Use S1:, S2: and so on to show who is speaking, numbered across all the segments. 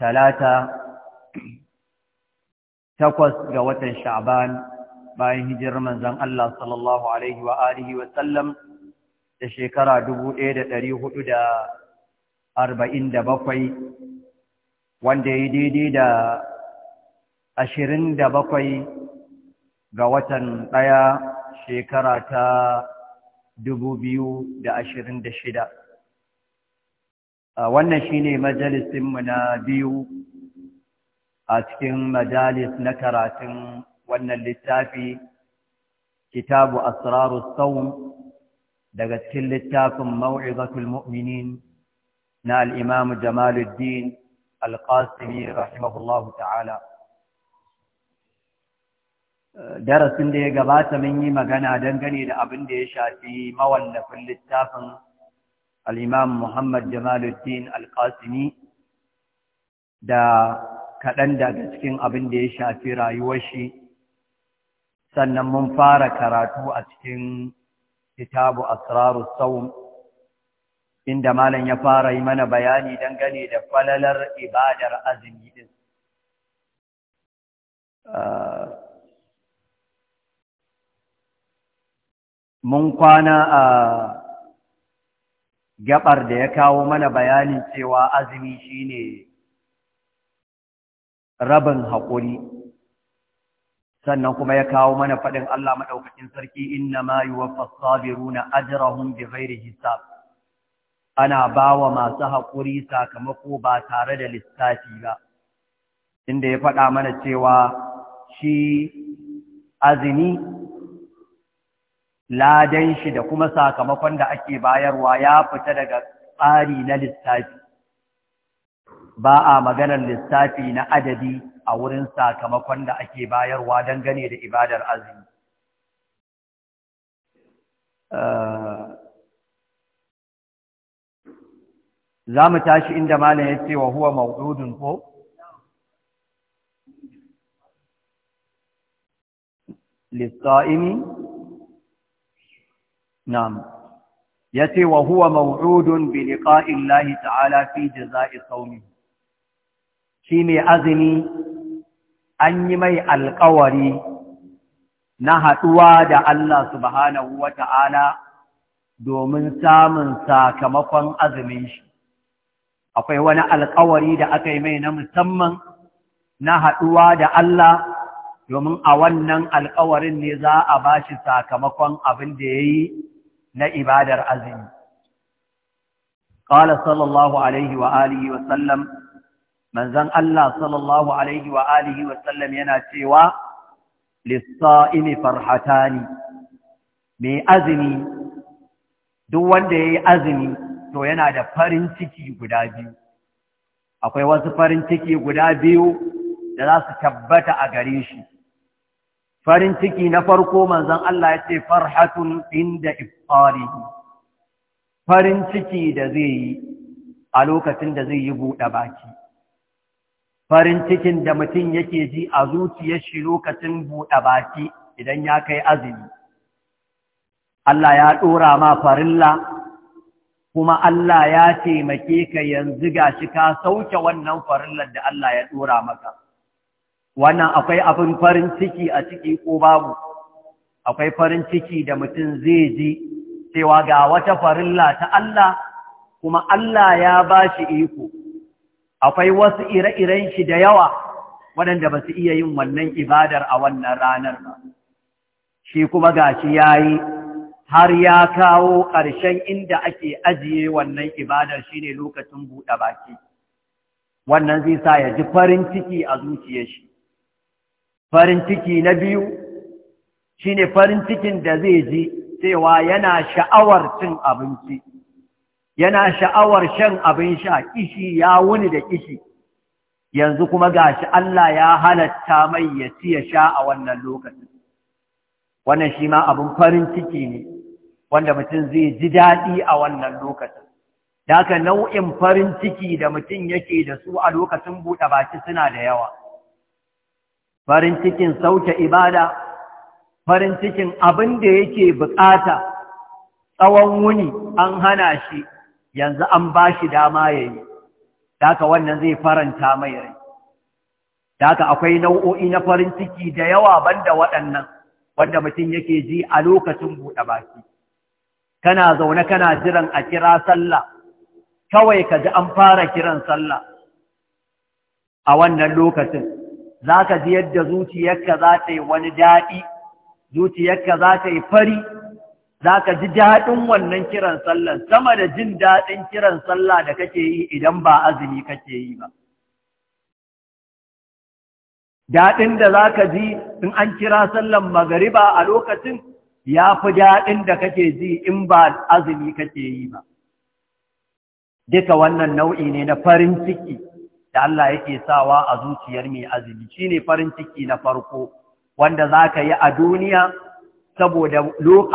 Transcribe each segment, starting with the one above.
S1: talata takwas ga watan sha'ban bayan hijirar manzon Allah sallallahu alaihi wa alihi wa sallam da shekara bakwai, wanda ya daidai da ashirin da bakwai ga watan ɗaya shekara ta da da ashirin shida. wannan shine majalisinmu na biyu a cikin majalis na karatun wannan littafi kitabu asrarus sawm daga cikin littafin mau'izatul mu'minin na Al'imamu Jamaluddin al-Qasimi rahimahullahu ta'ala darasin da ya gabata mun yi magana dangane da abin da ya shafi mawallafin littafin al'imam Muhammad Jamaluddin Alƙasimi da kaɗan daga cikin abin da ya shafi rayuwar shi, sannan mun fara karatu a cikin kitabu Asraru Saum, inda malam ya fara yi mana bayani dangane da falalar ibadar azumi ɗin. Ah, mun kwana a gabar da ya kawo mana bayani cewa azumi shine rabin haƙuri sannan kuma ya kawo mana faɗin Allah maɗaukakin sarki inna ma yuwaffas sabiruna ajrahum bighairi hisab ana bawa masu haƙuri sakamako ba tare da lissafi ba inda ya faɗa mana cewa shi azumi ladan shi da kuma sakamakon da ake bayarwa ya fita daga tsari na lissafi ba a maganar lissafi na adadi a wurin sakamakon da ake bayarwa dangane da ibadar azumi eh, za mu tashi inda malam ya ce wa huwa mawdudun ko lissa'imi na'am yace wa huwa maw'udun bi liqa'i Allah ta'ala fi jaza'i Shi mai azumi an yi mai alƙawari na haɗuwa da Allah subhanahu wa ta'ala domin samun sakamakon azumin shi akwai wani alƙawari da aka yi mai na musamman na haɗuwa da Allah domin a wannan alƙawarin ne za a ba shi sakamakon abin da ya yi na ibadar azumi qala sallallahu alaihi wa alihi wa sallam manzon Allah sallallahu alaihi wa alihi wa sallam yana cewa lis-sa'imi farhatani mai azumi duk wanda yayi azumi to yana da farin ciki guda biyu akwai wasu farin ciki guda biyu da za su tabbata a gare shi farin ciki na farko manzon Allah ya ce farhatun inda ifarihi farin ciki da zai yi a lokacin da zai yi buɗe baki farin cikin da mutum yake ji a zuciyar shi lokacin buɗe baki idan ya kai azumi Allah ya ɗora ma farilla kuma Allah ya taimake ka yanzu gashi ka sauke wannan farillar da Allah ya ɗora maka wannan akwai abin farin ciki a ciki ko babu akwai farin ciki da mutum zai ji cewa ga wata farilla ta Allah kuma Allah ya ba shi iko akwai wasu ire-iren shi da yawa waɗanda ba su iya yin wannan ibadar a wannan ranar ba shi kuma gashi ya yi har ya kawo ƙarshen inda ake ajiye wannan ibadar shi ne lokacin buɗe baki wannan zai sa ya ji farin ciki a zuciyarshi farin ciki na biyu shi ne farin cikin da zai ji cewa yana sha'awar cin abinci yana sha'awar shan abin sha kishi ya wuni da kishi yanzu kuma ga shi Allah ya halatta mai ya ci ya sha a wannan lokacin wannan shi ma abin farin ciki ne wanda mutum zai ji daɗi a wannan lokacin da haka nau'in farin ciki da mutum yake da su a lokacin buɗe baki suna da yawa farin cikin sauke ibada farin cikin abin da yake bukata tsawon wuni an hana shi yanzu an ba shi dama ya yi daga wannan zai faranta mai rai daga akwai nau'o'i na farin ciki da yawa banda waɗannan wanda mutum yake ji a lokacin buɗe baki kana zaune kana jiran a kira sallah kawai ka ji an fara kiran sallah a wannan lokacin za ka ji yadda zuciyarka za ta yi wani daɗi zuciyarka za ta yi fari za ka ji daɗin wannan kiran sallar sama da jin daɗin kiran sallah da kake yi idan ba azumi kake yi ba daɗin da za ka ji in an kira sallan magariba a lokacin ya fi daɗin da kake ji in ba azumi kake yi ba duka wannan nau'i ne na farin ciki da Allah yake sawa a zuciyar mai azumi shine farin ciki na farko wanda zaka yi a duniya saboda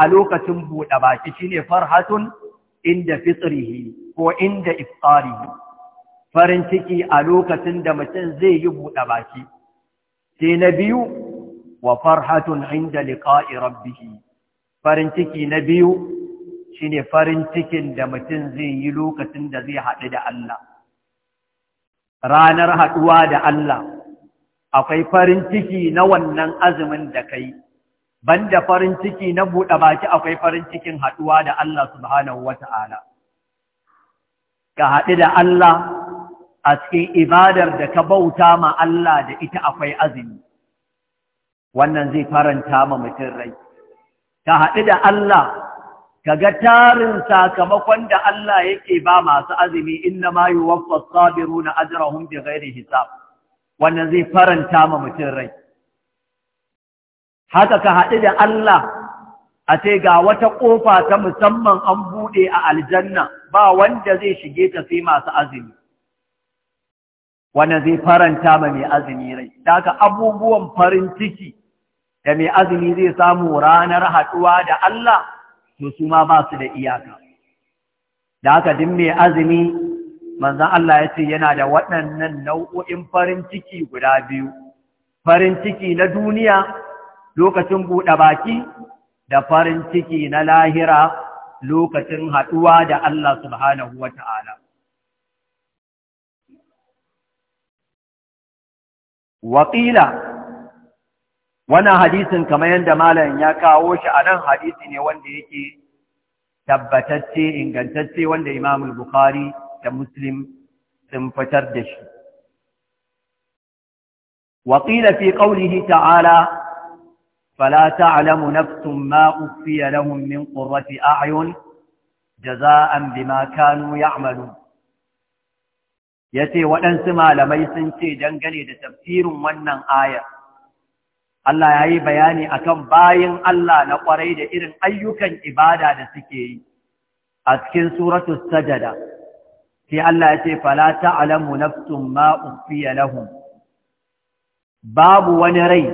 S1: a lokacin buɗe baki shine farhatun inda fitrihi ko inda iftarihi farin ciki a lokacin da mutum zai yi buɗe baki sai na biyu wa farhatun inda liqa'i rabbih farin ciki na biyu shine farin cikin da mutum zai yi lokacin da zai haɗu da Allah ranar haɗuwa da Allah akwai farin ciki na wannan azumin da kai banda farin ciki na buɗe baki akwai farin cikin haɗuwa da Allah subhanahu ta'ala. ka haɗu da Allah a cikin ibadar da ka bauta ma Allah da ita akwai azumi wannan zai faranta ma mutum rai ka haɗu da Allah kaga tarin sakamakon da Allah yake ba masu azumi inna ma yuwaffa sabiruna ajrahum ghairi hisab wannan zai faranta ma mutum rai haka ka haɗu da Allah a ce ga wata ƙofa ta musamman an buɗe a aljanna ba wanda zai shige ta sai masu azumi wannan zai faranta ma mai azumi rai daga abubuwan farin ciki da mai azumi zai samu ranar haɗuwa da Allah to su ma ba su da iyaka da haka din mai azumi manzon Allah ya ce yana da waɗannan nau'o'in farin ciki guda biyu farin ciki na duniya lokacin buɗe baki da farin ciki na lahira lokacin haɗuwa da Allah subhanahu wa ta'ala. Waƙila wannan hadisin kamar yadda malamin ya kawo shi a nan hadisi ne wanda yake tabbatacce ingantacce wanda imamul bukhari da muslim sun fitar da shi waƙila fi ƙaunihi ta'ala فلا تعلم نفس ما أخفي لهم من قرة أعين جزاء بما كانوا يعملون yace waɗansu malamai sun ce dangane da tafsirin wannan ayar Allah ya yi bayani akan bayan Allah na ƙwarai da irin ayyukan ibada da suke yi a cikin suratun sajada sai Allah ya ce fala ta'alamu nafsun ma babu wani rai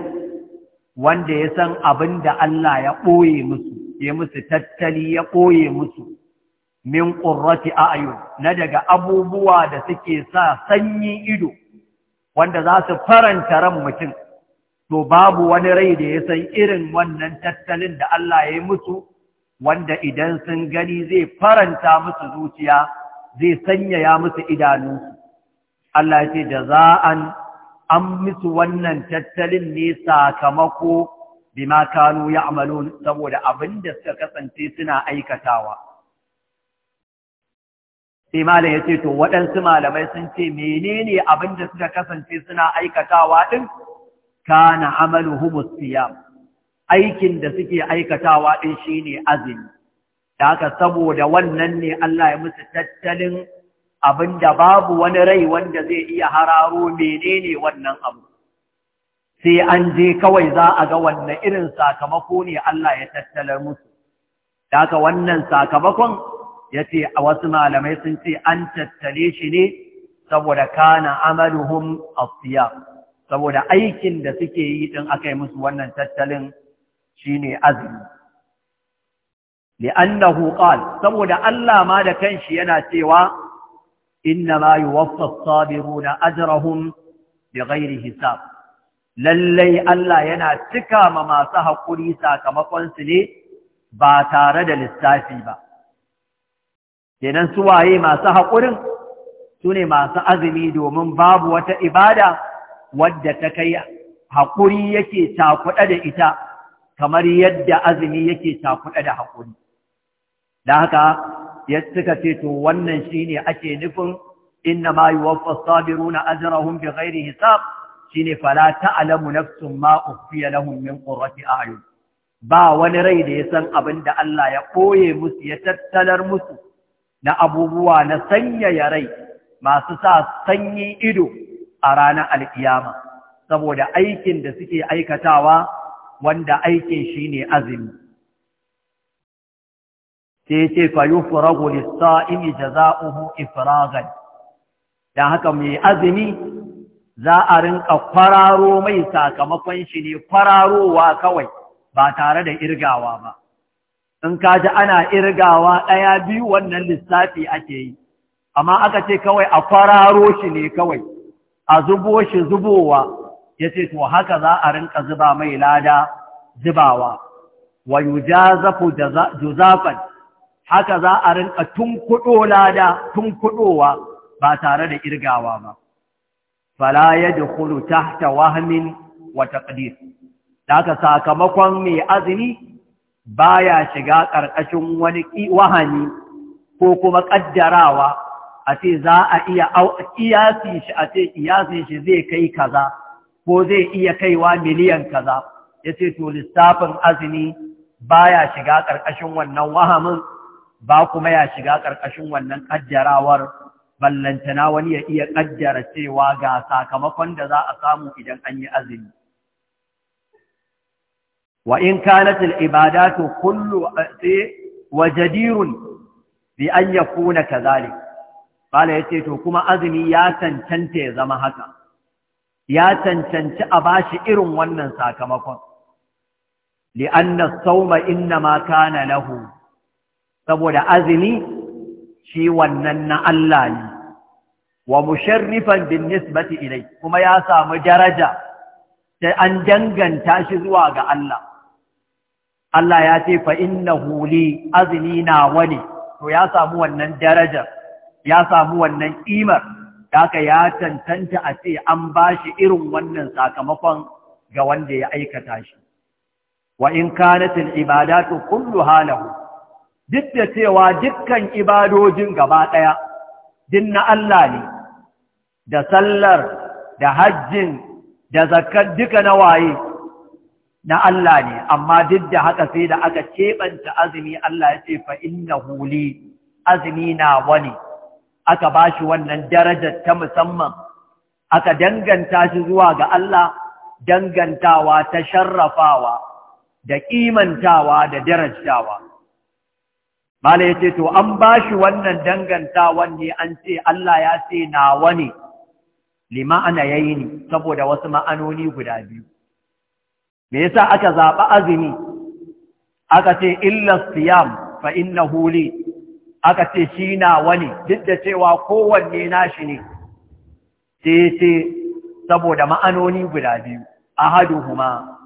S1: wanda ya san abin da Allah ya ɓoye musu ya musu tattali ya ɓoye musu min ƙurrati a'yun na daga abubuwa da suke sa sanyi ido wanda za su faranta ran mutum to babu wani rai da ya san irin wannan tattalin da Allah ya yi musu wanda idan sun gani zai faranta musu zuciya zai sanyaya musu idanu Allah ya ce da za'an an musu wannan tattalin ne sakamako bima kanu ya'malun saboda abin da suka kasance suna aikatawa sai malam ya ce to waɗansu malamai sun ce menene abin da suka kasance suna aikatawa ɗin kana amaluhum siyam aikin da suke aikatawa din shine azumi da haka saboda wannan ne Allah ya musu tattalin abinda babu wani rai wanda zai iya hararo menene wannan abu sai an je kawai za a ga wannan irin sakamako ne Allah ya tattalar musu da haka wannan sakamakon ya ce a wasu malamai sun ce an tattale shi ne saboda kana amaluhum asiyam saboda aikin da suke yi din aka yi musu wannan tattalin ne azumi li'annahu qala saboda Allah ma da kanshi yana cewa innama yuwaffa na Ajrahun da gairi hisab lallai Allah yana cika ma masu haƙuri sakamakon su ne ba tare da lissafi ba kenan suwaye waye masu haƙurin su ne masu azumi domin babu wata ibada wadda ta kai haƙuri yake takuɗa da ita kamar yadda azumi yake takuɗa da haƙuri da haka ya suka ce to wannan shine ake nufin inna ma yuwaffa sabiruna ajrahum bighairi hisab shine fala ta'lamu nafsun ma ukhfiya lahum min a a'yun ba wani rai da ya san abin da Allah ya ɓoye musu ya tattalar musu na abubuwa na sanyaya rai masu sa sanyi ido a ranar alƙiyama saboda aikin da suke aikatawa wanda aikin shi ne azumi sai ce fa yufragu lis-sa'imi uhu ifiragan? haka mai azumi za a rinƙa kwararo mai sakamakon shi ne kwararowa kawai ba tare da irgawa ba in ka ji ana irgawa ɗaya biyu wannan lissafi ake yi amma aka ce kawai a kwararo shi ne kawai a zubo shi zubowa ya ce to haka za a rinka zuba mai lada zubawa wa yujazafu juzafan haka za a rinka kudo lada tun kudowa ba tare da irgawa ba fala ya yadkhulu tahta wahmin wa taqdir daga sakamakon mai azumi baya shiga ƙarƙashin wani wahani ko kuma ƙaddarawa a ce za a iya iyasin shi a ce iyasin shi zai kai kaza ko zai iya kaiwa miliyan kaza ya ce to lissafin azumi baya shiga ƙarƙashin wannan wahamin ba kuma ya shiga ƙarƙashin wannan ƙaddarawar ballantana wani ya iya ƙaddara cewa ga sakamakon da za a samu idan an yi azumi wa in kanat al-ibadatu kullu eh, wa jadirun bi an yakuna kadhalik Bala ya ce, To, kuma azumi ya cancanta ya zama haka, ya cancanci a bashi irin wannan sakamakon. Li'anna sauma inna ma kana lahu, saboda azumi shi wannan na Allah ne, wa musharrifan bin nisbati ilai, kuma ya samu daraja, sai an danganta shi zuwa ga Allah. Allah ya ce, fa'in na huli azumi na wani, to ya samu wannan darajar. ya samu wannan ƙimar haka ya tantanta a ce an ba shi irin wannan sakamakon ga wanda ya aikata shi wa in kanatil ibadatu kulluha lahu duk da cewa dukkan ibadojin gaba ɗaya din na Allah ne da sallar da hajjin da zakar duka na waye na Allah ne amma duk da haka sai da aka keɓanta azumi Allah ya ce fa innahu li na wani aka ba shi wannan darajar ta musamman aka danganta shi zuwa ga Allah dangantawa ta sharrafawa da kimantawa da darajawa mala yace to an ba shi wannan dangantawan ne an ce Allah ya ce nawa ne lima ana yayi ne saboda wasu ma'anoni guda biyu me yasa aka zaɓi azumi aka ce illa siyam fa innahu li aka ce shi na wani. duk da cewa kowanne nashi ne sai ce saboda ma'anoni guda biyu A ahaduhuma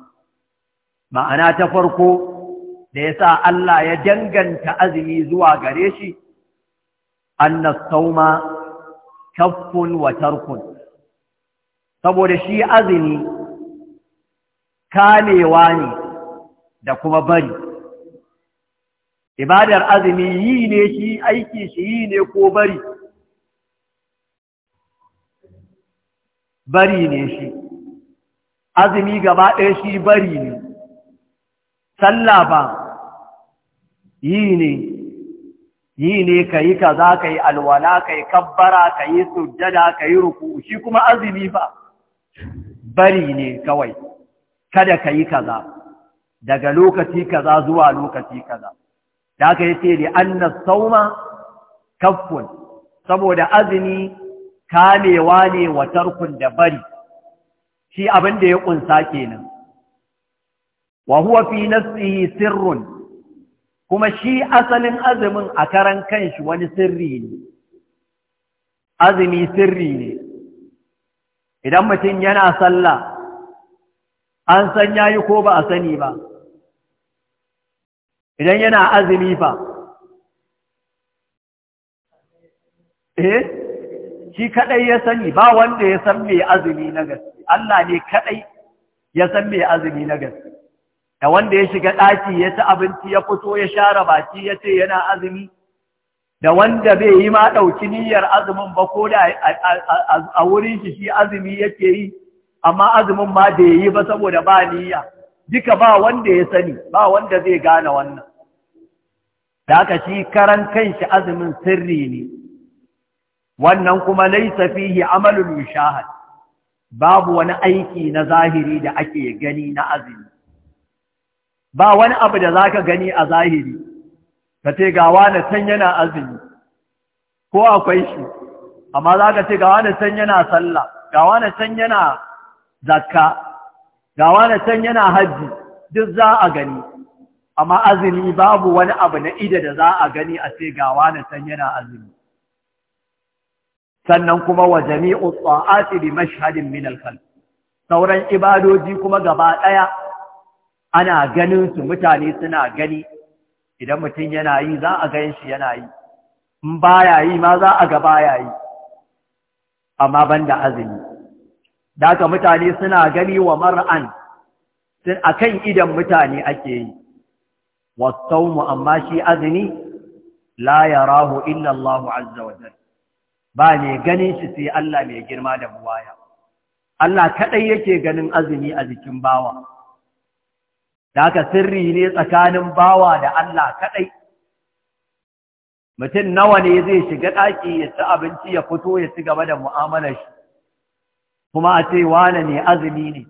S1: ma'ana ta farko da ya sa Allah ya danganta azumi zuwa gare shi An sauma kaffun watarkun. saboda shi azumi kamewa ne da kuma bari ibadar azumi yi ne shi aiki shi yi ne ko bari bari ne shi azumi gaba ɗaya shi bari ne sallah ba yi ne yi ne ka yi kaza ka yi alwala ka yi kabbara ka yi sujjada ka yi ruku shi kuma azumi ba bari ne kawai kada ka yi kaza daga lokaci kaza zuwa lokaci kaza da aka yace li anna sauma kaffun saboda azumi kamewa ne wa tarkun da bari shi abin da ya kunsa kenan wa huwa fi nafsihi sirrun kuma shi asalin azumin a karan kanshi wani sirri ne azumi sirri ne idan mutum yana sallah an san yayi ko ba a sani ba idan yana azumi fa eh shi kadai ya sani ba wanda ya san mai azumi na gaske Allah ne kadai ya san mai azumi na gaske da wanda ya shiga daki ya ci abinci ya fito ya share baki ya ce yana azumi da wanda bai yi ma dauki niyyar azumin ba ko da a wurin shi shi azumi yake yi amma azumin ma da yi ba saboda ba niyya duka ba wanda ya sani ba wanda zai gane wannan da aka shi karan kanshi azumin sirri ne wannan kuma laisa fihi amalul mushahad babu wani aiki na zahiri da ake gani na azumi ba wani abu da zaka gani a zahiri ka ce ga wani can yana azumi ko akwai shi amma zaka ce ga wani can yana sallah ga wani can yana zakka ga wani can yana hajji duk za a gani amma azumi babu wani abu na ida da za a gani a ce ga wani can yana azumi sannan kuma wa jami'u tsa'ati bi mashhadin min al-khalq sauran ibadoji kuma gaba ɗaya. ana ganin su mutane suna gani idan mutum yana yi za a gan shi yana yi in baya yi ma za a ga baya yi amma banda azumi da mutane suna gani wa mar'an sun akan idan mutane ake yi wasaumu amma shi azini. la yarahu illa Allah azza wa jalla ba ne ganin shi sai Allah mai girma da buwaya Allah kaɗai yake ganin azumi a jikin bawa da haka sirri ne tsakanin bawa da Allah kaɗai. mutum nawa ne zai shiga ɗaki ya ci abinci ya fito ya ci gaba da mu'amalar shi kuma a ce wane ne azumi ne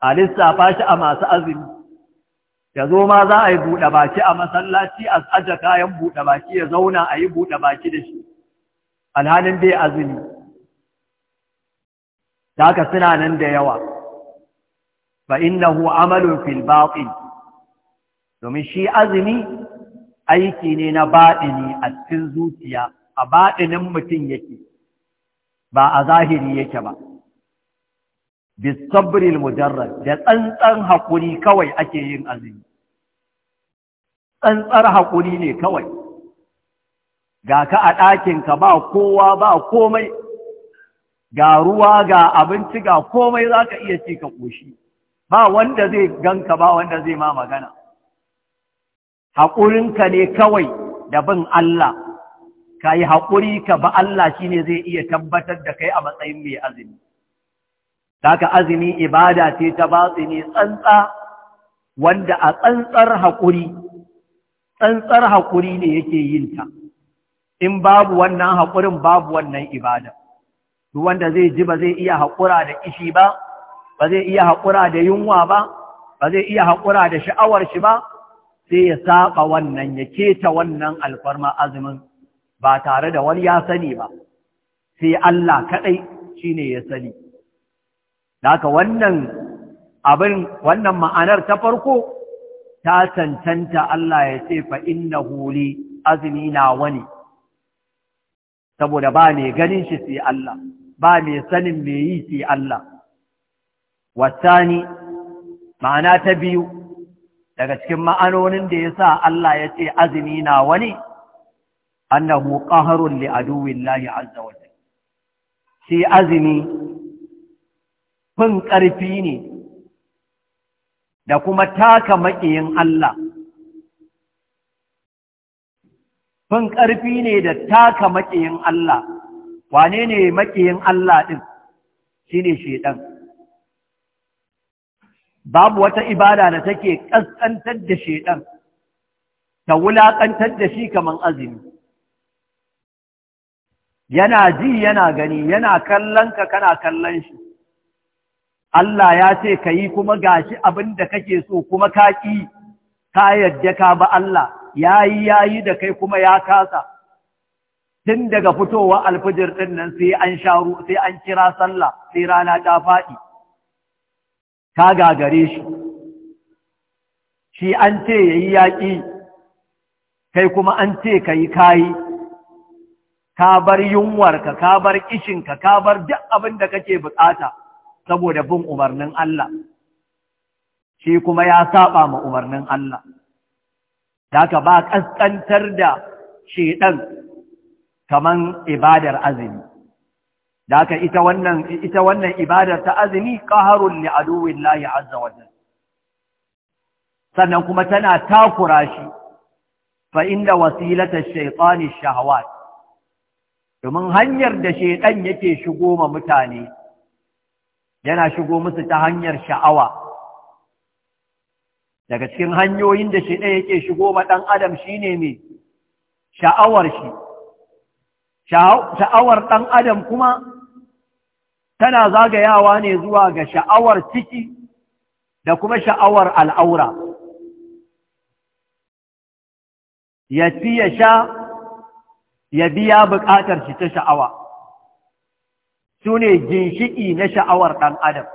S1: a lissafa shi a masu azumi ya zo ma za a yi buɗe baki a masallaci a aje kayan buɗe baki ya zauna a yi buɗe baki da shi alhalin bai azumi da ka suna nan da yawa fa innahu amalun fil batin domin shi azumi aiki ne na baɗini a cikin zuciya a baɗinin mutum yake ba a zahiri yake ba bisabril mujarrad da tsantsan haƙuri kawai ake yin azumi tsantsar haƙuri ne kawai ga ka a ɗakinka ba kowa ba komai ga ruwa ga abinci ga komai za ka iya ci ka ƙoshi ba wanda zai ganka ba wanda zai ma magana haƙurinka ne kawai da bin Allah ka yi haƙuri ka ba Allah shi ne zai iya tabbatar da kai a matsayin mai azumi. Taka azumi ibada ce ta batsi ne tsantsa wanda a tsantsar haƙuri, tsantsar haƙuri ne yake yin ta, in babu wannan haƙurin babu wannan ibada. Duk wanda zai ji ba zai iya haƙura da ishi ba, ba zai iya haƙura da yunwa ba, ba zai iya haƙura da sha'awar shi ba, sai ya saɓa wannan, ya keta wannan alfarma azumin. ba tare da wani ya sani ba sai Allah kaɗai shi ne ya sani haka wannan abin wannan ma'anar ta farko ta cancanta Allah ya ce fa inna huli azumi na wani saboda ba mai ganin shi sai Allah ba mai sanin mai yi sai Allah wasani ma'ana ta biyu daga cikin ma'anonin da ya sa Allah ya ce azumi na wani annahu qaharun li aduwillahi azza wa jalla shi azumi fin ƙarfi ne da kuma taka maƙiyin Allah fin ƙarfi ne da taka maƙiyin Allah wane ne maƙiyin Allah ɗin shi ne shaiɗan babu wata ibada da take ƙasƙantar da shaiɗan ta wulaƙantar da shi kamar azumi yana ji yana gani yana kallon ka kana kallon shi Allah ya ce ka yi kuma gashi abin da kake so kuma ka ƙi ka yadda ka ba Allah ya yi ya yi da kai kuma ya kasa tun daga fitowa alfijir ɗin nan sai an sharu sai an kira sallah sai rana ta faɗi ka gagare shi shi an ce ya yi yaƙi kai kuma an ce ka yi kayi ka bar yunwarka ka bar kishinka ka bar duk abin da kake bukata saboda bin umarnin Allah shi kuma ya saba ma umarnin Allah daka ba ƙasƙantar da shedan kaman ibadar azumi daka ita wannan ita wannan ibadar ta azumi ƙaharun li aduwillahi azza wa sannan kuma tana takura shi fa inda wasilata shaytani shahawat domin hanyar da shaidan yake shigo ma mutane yana shigo musu ta hanyar sha'awa daga cikin hanyoyin da shaidan yake shigo ma ɗan adam shine me sha'awar shi sha'awar ɗan adam kuma tana zagayawa ne zuwa ga sha'awar ciki da kuma sha'awar al'aura ya ya sha ya biya buƙatar shi ta sha'awa su ne ginshiƙi na sha'awar ɗan adam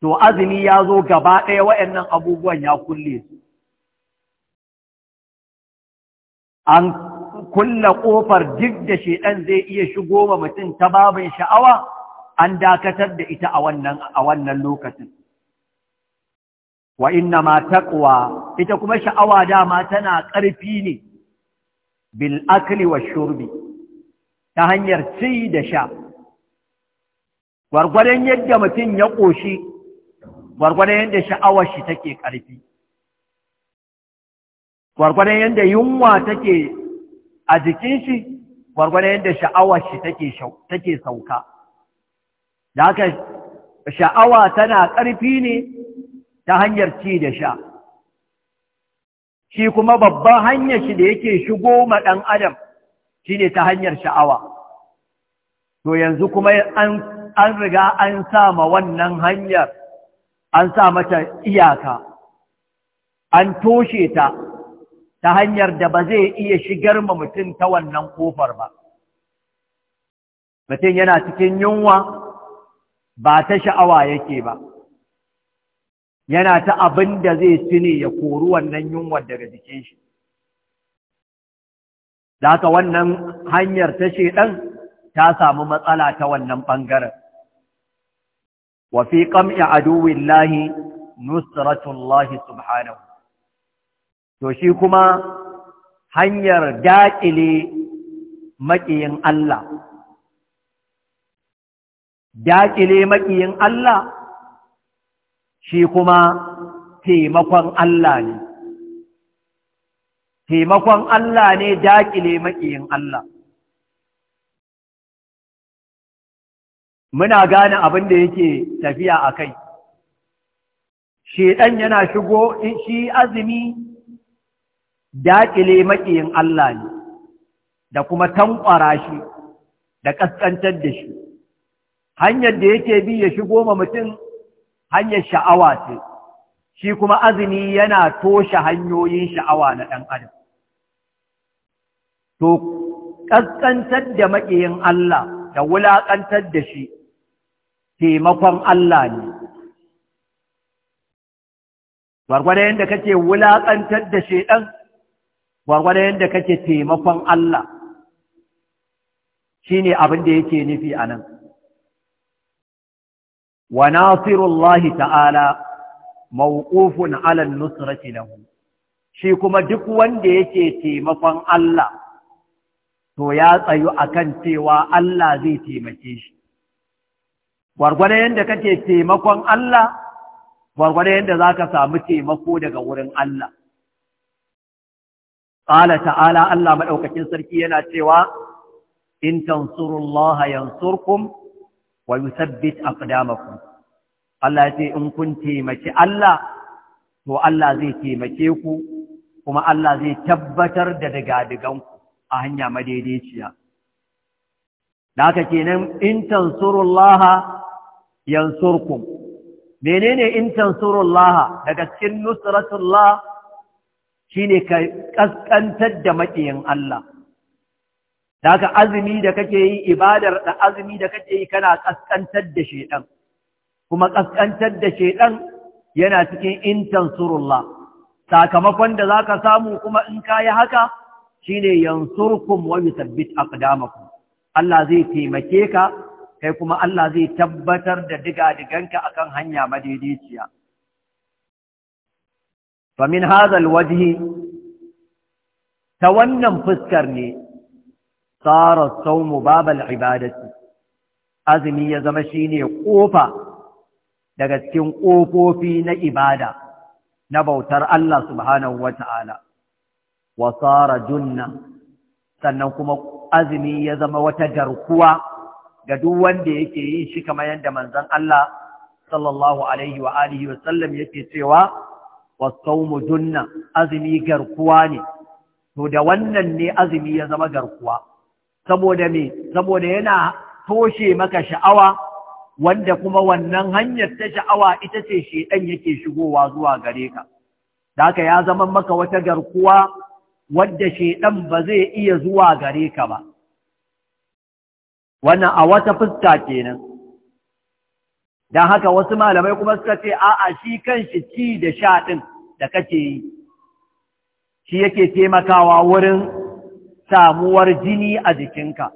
S1: to azumi ya zo gaba ɗaya waɗannan abubuwan ya kulle su an kulle ƙofar duk da ɗan zai iya shigo wa mutum ta babin sha'awa an dakatar da ita a wannan lokacin wa inna ma taƙwa ita kuma sha'awa dama tana ƙarfi ne bil akli wa shurbi ta hanyar ci da sha gwargwadon yadda mutum ya ƙoshi gwargwadon yadda sha'awar shi take ƙarfi gwargwadon yadda yunwa take a jikin shi gwargwadon yadda sha'awar shi take sauka da haka sha'awa tana ƙarfi ne ta hanyar ci da sha shi kuma babban hanyar shi da yake shigo ma ɗan adam shi ne ta hanyar sha'awa to yanzu kuma an riga an sa ma wannan hanyar an sa mata iyaka an toshe ta ta hanyar da ba zai iya shigar ma mutum ta wannan kofar ba mutum yana cikin yunwa ba ta sha'awa yake ba yana ta abin da zai ci ne ya kori wannan yunwar daga jikin shi da wannan hanyar ta ɗan ta samu matsala ta wannan ɓangaren wa fi qam'i aduwillahi nusratullahi subhanahu to shi kuma hanyar daƙile maƙiyin Allah daƙile maƙiyin Allah shi kuma taimakon Allah ne taimakon Allah ne daƙile maƙiyin Allah muna gane abin da yake tafiya a kai ɗan yana shigo shi azumi daƙile maƙiyin Allah ne da kuma tankwara shi da ƙasƙantar da shi hanyar da yake bi ya shigo ma mutum hanyar sha'awa ce shi kuma azini yana toshe hanyoyin sha'awa na ɗan adam to ƙasƙantar da maƙiyin Allah da wulaƙantar da shi taimakon Allah ne gwargwada yadda kake wulaƙantar da shaiɗan gwargwada yadda kake taimakon Allah shi ne abin da yake nufi a nan wa nasirullahi ta'ala mawqufun ala nusrati lahu shi kuma duk wanda yake taimakon Allah to ya tsayu akan cewa Allah zai taimake shi gwargwadon yadda kake taimakon Allah gwargwadon yadda zaka samu taimako daga wurin Allah qala ta'ala Allah madaukakin sarki yana cewa in tansurullaha yansurkum wa yusabbit aqdamakum Allah ya in kun taimaki Allah to Allah zai taimake ku kuma Allah zai tabbatar da ku a hanya madaidaiciya da haka kenan in tansurullaha yansurkum menene in tansurullaha daga cikin nusratullah shine ka kaskantar da maƙiyin Allah da ka azumi da kake yi ibadar da azumi da kake yi kana kaskantar da shaiɗan, kuma kaskantar da shaiɗan yana cikin intan intansurullah sakamakon da za ka samu kuma in kayi haka shine yansurkum wa yuthabbit aqdamakum Allah zai taimake ka kai kuma Allah zai tabbatar da diga-diganka akan hanya madaidaiciya famin hadha alwajhi ta wannan fuskar ne tsara saumu babal ibadati azumi ya zama shine ƙofa daga cikin ƙofofi na ibada na bautar Allah subhanahu wata'ala wa tsara junna sannan kuma azumi ya zama wata garkuwa ga duk wanda yake yin shi kamar yadda manzon Allah sallallahu alaihi wa alihi wa sallam yake cewa wasaumu junna azumi garkuwa ne to da wannan ne azumi ya zama garkuwa saboda me saboda yana toshe maka sha'awa wanda kuma wannan hanyar ta sha'awa ita ce shedan yake shigowa zuwa gare ka haka ya zama maka wata garkuwa wadda shedan ba zai iya zuwa gare ka ba wannan a wata fuska kenan dan haka wasu malamai kuma suka ce a'a shi kan shi ci da sha din da kake yi shi yake taimakawa wurin samuwar jini a jikinka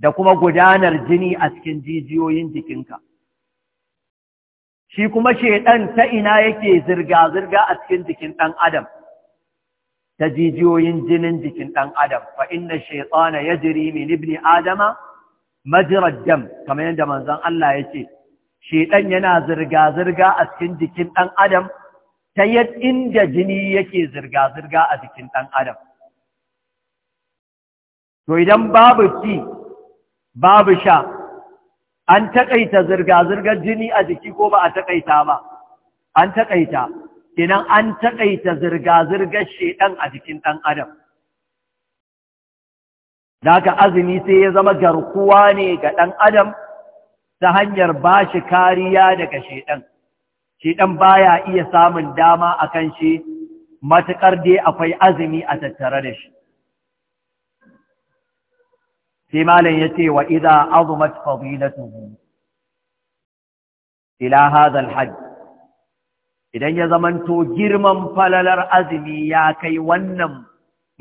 S1: da kuma gudanar jini a cikin jijiyoyin jikinka. Shi kuma shaiɗan ta ina yake zirga-zirga a cikin jikin ɗan Adam, ta jijiyoyin jinin jikin ɗan Adam, fa inna shaiɗana ya jiri min ibni Adama, majirar dam, kamar yadda manzon Allah ya ce, shaiɗan yana zirga-zirga a cikin jikin ɗan Adam, ta yadda jini yake zirga-zirga a jikin ɗan Adam. to idan babu ci babu sha an taƙaita zirga-zirgar jini a jiki ko ba a taƙaita ba an taƙaita idan an taƙaita zirga-zirgar shedan a jikin ɗan adam daga azumi sai ya zama garkuwa ne ga ɗan adam ta hanyar ba shi kariya daga shedan shedan baya iya samun dama akan shi matuƙar dai akwai azumi a tattare da shi sai malam ya ce wa idza azumat fadilatuhu ila hadha alhajj idan ya zamanto girman falalar azumi ya kai wannan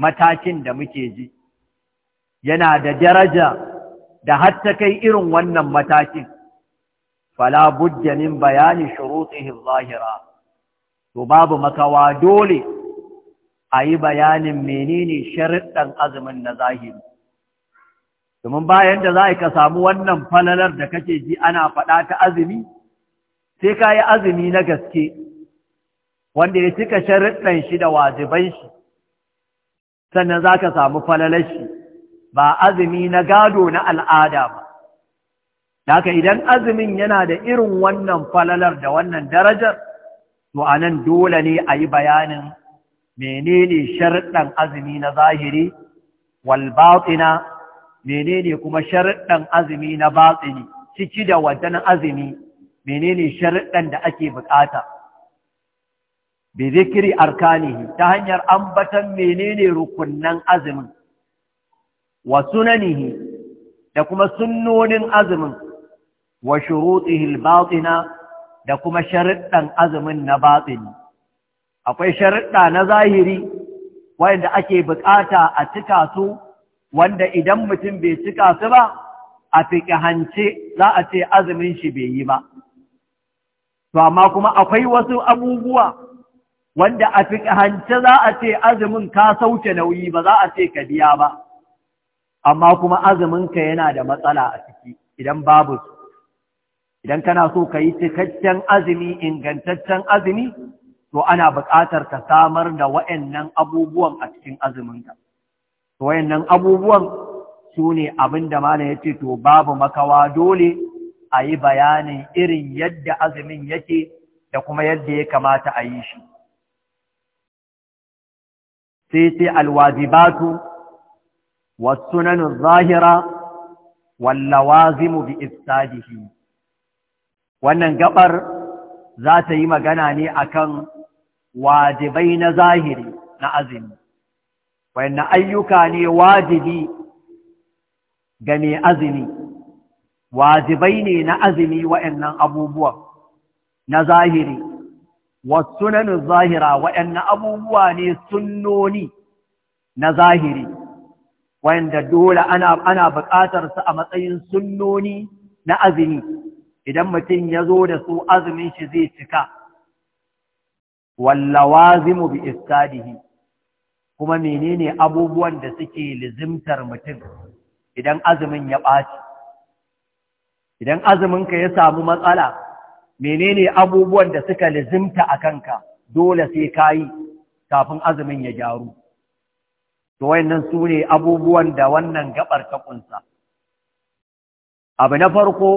S1: matakin da muke ji yana da daraja da hatta kai irin wannan matakin fala budda min bayani shurutihi zahira to babu makawa dole ayi bayanin menene sharuɗan azumin na zahiri domin bayan da za ka samu wannan falalar da kake ji ana faɗa ta azumi sai ka yi azumi na gaske wanda ya cika sharuɗan shi da wajiban shi sannan za ka samu falalar shi ba azumi na gado na al'ada ba Daka idan azumin yana da irin wannan falalar da wannan darajar, to a nan dole ne a yi bayanin menene sharɗan azumi na zahiri, walbatina menene kuma sharaddan azumi na batsini ciki da wannan azumi menene sharaddan da ake bukata bi zikri arkanihi ta hanyar ambatan menene rukunnan azumin wa sunanihi da kuma sunnonin azumin wa shurutihi al-batina da kuma sharaddan azumin na batsini akwai sharadda na zahiri wanda ake bukata a cika su wanda idan mutum bai cika su ba a fiƙihance za a ce azumin shi bai yi ba to amma kuma akwai wasu abubuwa wanda a fiƙihance za a ce azumin ka sauke nauyi ba za a ce ka biya ba amma kuma azuminka yana da matsala a ciki idan babu su idan kana so ka yi cikakken azumi ingantaccen azumi to ana buƙatar ka samar da waɗannan abubuwan a cikin azuminka wayannan abubuwan su ne abin malam ya ce to babu makawa dole a yi bayanin irin yadda azumin yake da kuma yadda ya kamata a yi shi sai sai alwajibatu wasunanu zahira wallawazimu bi ifsadihi wannan gabar za ta yi magana ne akan wajibai na zahiri na azumi wayannan ayyuka ne wajibi ga mai azumi wajibai ne na azumi wayannan abubuwan na zahiri wasu nanin zahira wayannan abubuwa ne sunnoni na zahiri wanda dole ana ana buƙatar su a matsayin sunnoni na azumi idan mutum ya zo da su azumin shi zai cika wallawazimu bi istadihi kuma menene abubuwan da suke lizimtar mutum idan azumin ya ɓaci idan azuminka ya samu matsala menene abubuwan da suka lizimta a kanka dole sai ka yi kafin azumin ya gyaru to wayannan su ne abubuwan da wannan gabar ta kunsa abu na farko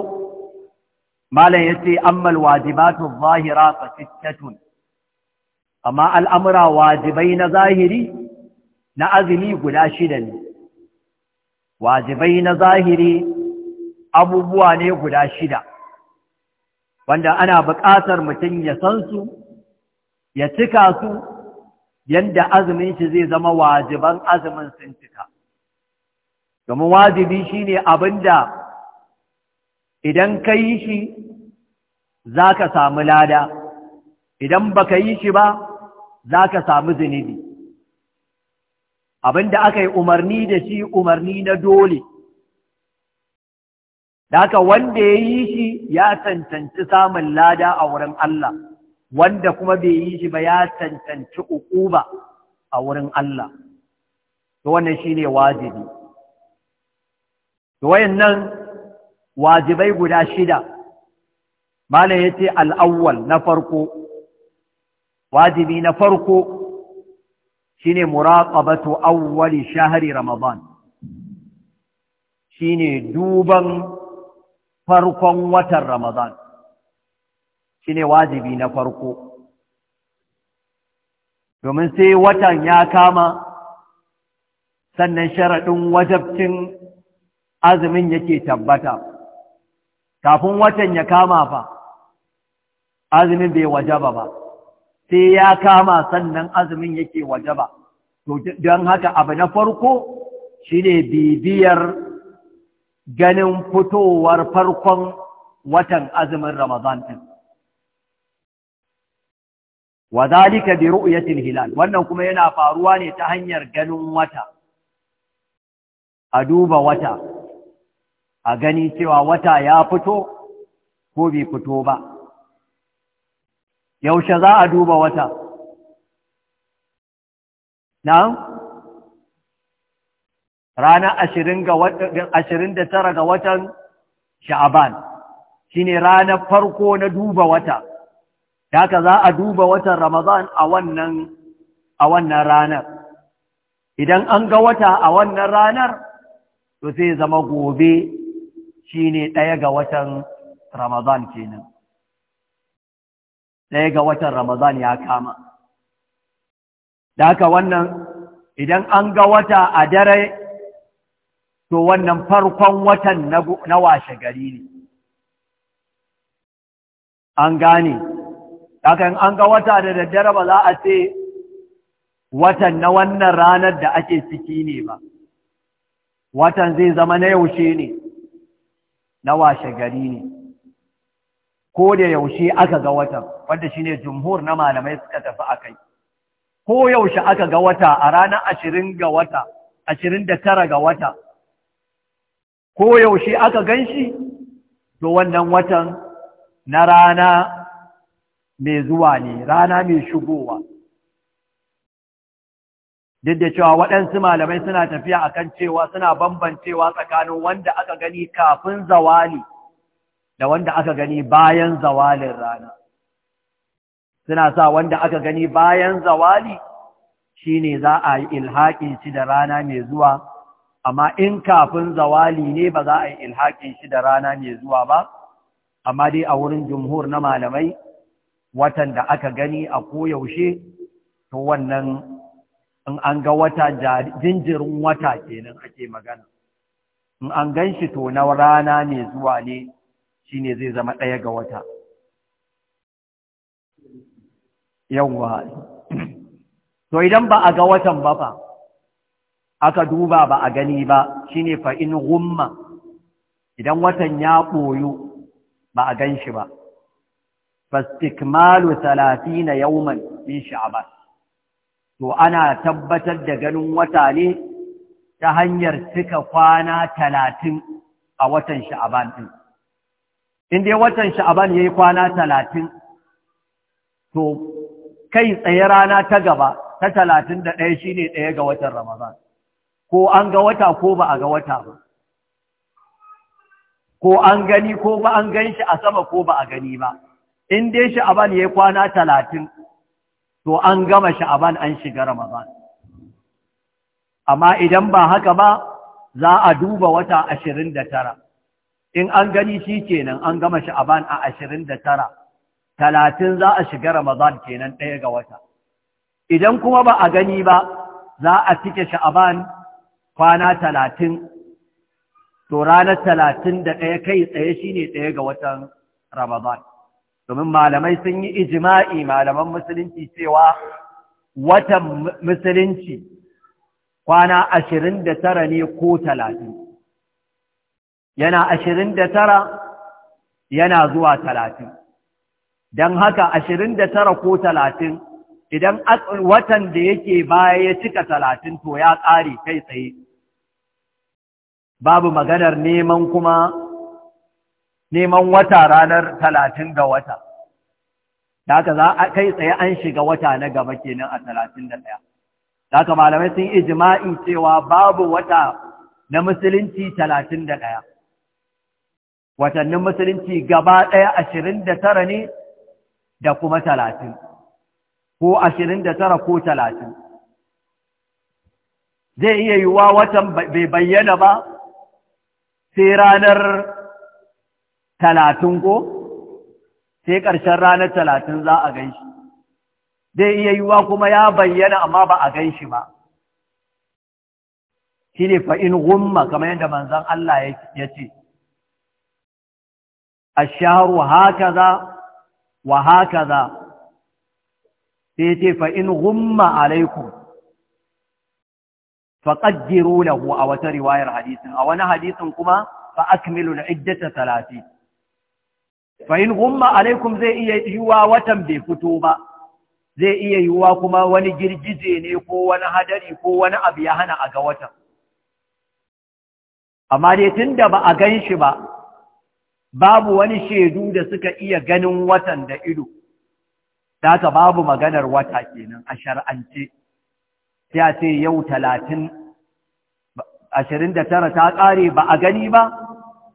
S1: malam ya ce ammal wajibatu zahira fa sittatun amma al'amura wajibai na zahiri na azumi guda shida ne wajibai na zahiri abubuwa ne guda shida wanda ana buƙatar mutum ya san su ya cika su yadda azumin shi zai zama wajiban azumin sun cika domin wajibi shi shine abinda idan ka yi shi za ka samu lada idan ba ka yi shi ba za ka samu zunubi Abin da aka yi umarni da shi umarni na dole da haka wanda ya yi shi ya cancanci samun lada a wurin Allah wanda kuma bai yi shi ba ya cancanci uquba a wurin Allah to wannan ne wajibi to nan wajibai guda shida malam yace ce al'awwal na farko wajibi na farko shine muraqabatu awwali shahri ramadan shine duban farkon watan ramadan shine wajibi na farko domin sai watan ya kama sannan sharaɗin wajabcin azumin yake tabbata kafin watan ya kama fa azumin bai wajaba ba sai ya kama sannan azumin yake wajaba to don haka abu na farko shine bibiyar ganin fitowar farkon watan azumin Ramadan ɗin. wa zalika bi ru'yatil hilal wannan kuma yana faruwa ne ta hanyar ganin wata a duba wata a gani cewa wata ya fito ko bai fito ba yaushe za a duba wata na'am ranar ashirin da tara ga watan sha'aban shi ne ranar farko na duba wata haka za a duba watan ramadan a wannan a wannan ranar idan an ga wata a wannan ranar to sai zama gobe shi ne ɗaya ga watan ramadan kenan ɗaya ga watan Ramadan ya kama. Da haka wannan idan an ga wata a dare, to wannan farkon watan na washe gari ne. An gane, daga an ga wata da daddare ba za a ce watan na wannan ranar da ake ciki ne ba. Watan zai zama na yaushe ne, na washe gari ne. ko da yaushe aka ga watan wanda shi ne jumhur na malamai suka tafi a kai, ko yaushe aka ga wata a ranar ashirin ga wata ashirin da tara ga wata ko yaushe aka gan shi to wannan watan na rana mai zuwa ne rana mai shigowa duk da cewa waɗansu malamai suna tafiya akan cewa suna bambancewa tsakanin wanda aka gani kafin zawali da wanda aka gani bayan zawalin rana suna sa wanda aka gani bayan zawali shine za a yi ilhaƙin shi da rana mai zuwa amma in kafin zawali ne ba za a yi ilhaƙin shi da rana mai zuwa ba amma dai a wurin jumhur na malamai watan da aka gani a koyaushe to wannan in an ga wata jinjirin wata kenan ake magana in an gan shi to na rana mai zuwa ne shine zai zama ɗaya ga wata yawwa to idan ba a ga watan ba fa aka duba ba a gani ba shine fa in gumma idan watan ya ɓoyo, ba a gan shi ba fastikmalu 30 yawman min sha'ban to ana tabbatar da ganin wata ne ta hanyar cika kwana talatin a watan sha'ban din in dai watan sha'aban yayi kwana talatin, to kai tsaye rana ta gaba ta talatin da ɗaya shine ɗaya ga watan Ramadan ko an ga wata ko ba a ga wata ba ko an gani ko ba an gan shi a sama ko ba a gani ba in dai sha'aban yayi kwana talatin, to an gama sha'aban an shiga Ramadan amma idan ba haka ba za a duba wata ashirin da tara. in an gani shi kenan an gama sha'aban a ashirin da tara talatin za a shiga ramadan kenan ɗaya ga wata idan kuma ba a gani ba za a cike sha'aban kwana talatin to ranar talatin da ɗaya kai tsaye shine ɗaya ga watan ramadan domin malamai sun yi ijima'i malaman musulunci cewa watan musulunci kwana ashirin da tara ne ko talatin yana ashirin da tara yana zuwa talatin don haka ashirin da tara ko talatin idan watan da yake baya ya cika talatin to ya ƙare kai tsaye babu maganar neman kuma neman wata ranar talatin ga wata da haka za a kai tsaye an shiga wata na gaba kenan a talatin da ɗaya da haka malamai sun ijima'i cewa babu wata na musulunci talatin da ɗaya watannin musulunci gaba ɗaya ashirin da tara ne da kuma talatin ko ashirin da tara ko talatin zai iya yiwuwa watan bai bayyana ba sai ranar talatin ko sai ƙarshen ranar talatin za a gan shi zai iya yiwuwa kuma ya bayyana amma ba a gan shi ba shi ne fa'in gumma kamar yadda manzan Allah ya ce الشهر هكذا وهكذا سيتي فإن غم عليكم فقدروا له أو ترواية الحديث أو أنا حديث كما فأكملوا العدة ثلاثين فإن غم عليكم زي إيا يوا وتم بفتوبة zai iya yiwuwa kuma wani girgije ne ko wani hadari ko wani abu ya hana a ga watan. Amma dai tun ba a gan shi ba, babu wani shaidu da suka iya ganin watan da ido ta babu maganar wata kenan a shar'ance ya ce yau talatin ashirin da tara ta ƙare ba a gani ba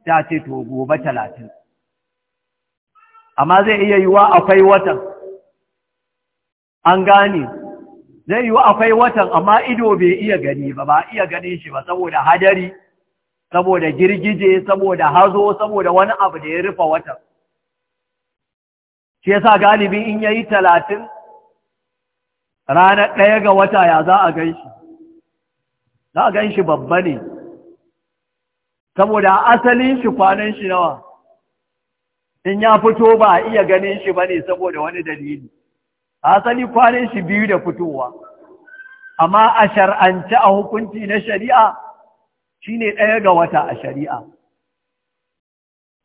S1: ta ce to gobe talatin amma zai iya yiwa akwai watan an gane zai yiwa akwai watan amma ido bai iya gani ba ba iya ganin shi ba saboda hadari saboda girgije saboda hazo saboda wani abu da ya rufa watan shi sa galibi in yayi talatin ranar ɗaya ga wata ya za a gan shi za a gan shi babba ne saboda asalin shi kwanan shi nawa in ya fito ba a iya ganin shi ba ne saboda wani dalili asali kwanan shi biyu da fitowa amma a shar'anci a hukunci na shari'a Shi ne ɗaya ga wata a shari'a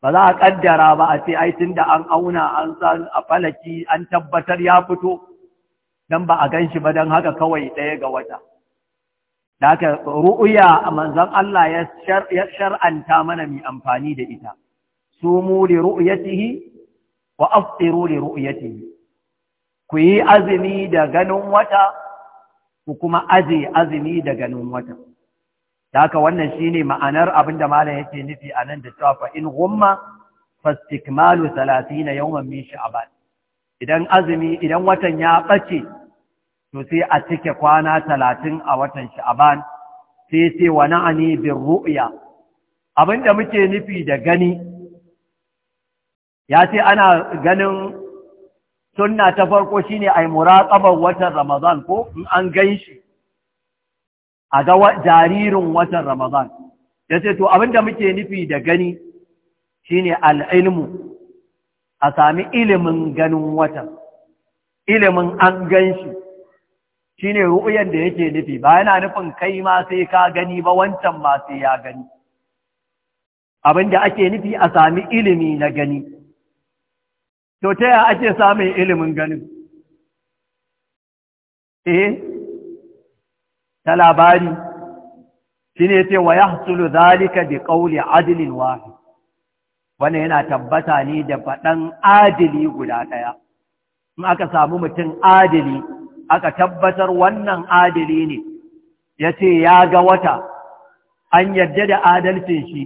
S1: ba za a ƙaddara ba a ce ai tun da an auna an san a falaki an tabbatar ya fito don ba a gan shi ba don haka kawai ɗaya ga wata da ru'uya a manzon Allah ya shar'anta mana mai amfani da ita Su mu ku ru'uyatihi wa aftiru da ru'uyatihi ku yi azumi da ganin wata ku kuma aje azumi da ganin wata da haka wannan shine ma'anar abinda malam yake nufi anan da cewa fa in humma fastikmalu 30 yawman min sha'ban idan azumi idan watan ya bace to sai a cike kwana talatin a watan sha'ban sai sai wa na'ani bir ru'ya abinda muke nufi da gani ya ce ana ganin sunna ta farko shine ai muraqabar watan ramadan ko in an shi a ga jaririn watan Ramadan ya ce to abinda muke nufi da gani shine al'ilmu a sami ilimin ganin watan ilimin an gan shi shine ru'uyan da yake nufi ba yana nufin kai ma sai ka gani ba wancan ma sai ya gani abinda ake nufi a sami ilimi na gani to ta yaya ake samun ilimin ganin eh ta labari shi ne ce wa yahsulu zalika bi ƙauli adilin wahi Wani yana tabbata ne da faɗan adili guda ɗaya in aka samu mutum adili aka tabbatar wannan adili ne ya ce ya ga wata an yadda da adalcin shi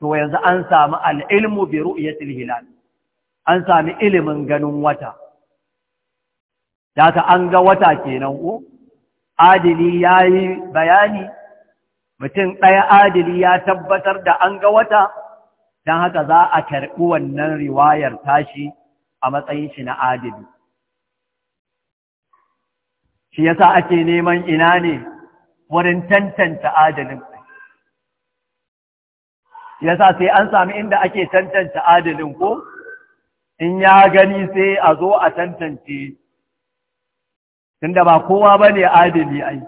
S1: to yanzu an samu al'ilmu bi ru'yatil hilal an sami ilimin ganin wata daga an ga wata kenan ko adili ya yi bayani mutum ɗaya adili ya tabbatar da an ga wata don haka za a karɓi wannan riwayar tashi a matsayin shi na adili shi yasa ake neman ina ne wurin tantance adalin yasa sai an sami inda ake tantance adalin ko in ya gani sai a zo a tantance tunda ba kowa ba ne adali ai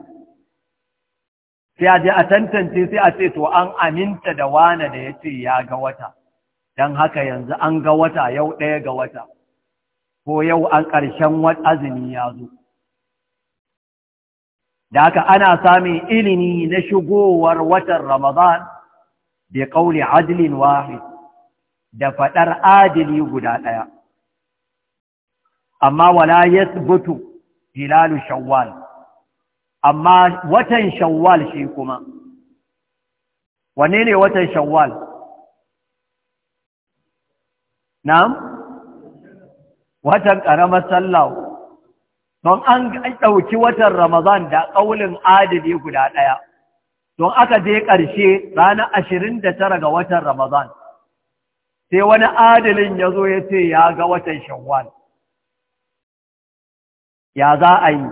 S1: sai a je a tantance sai a ce to an aminta da wane da ya ce ya ga wata don haka yanzu an ga wata yau ɗaya ga wata ko yau an ƙarshen azumi ya zo da haka ana samun ilimi na shigowar watan ramadan bi ƙauli adilin wahid da faɗar adili guda ɗaya amma wala ya butu hilalu shawwal amma watan shawwal shi kuma wane ne watan shawwal na'am watan ƙaramar sallah don an ɗauki watan ramadan da ƙaulin adili guda ɗaya don aka je ƙarshe ranar ashirin da tara ga watan ramadan sai wani adalin ya zo ya ce ya ga watan shawwal ya za a yi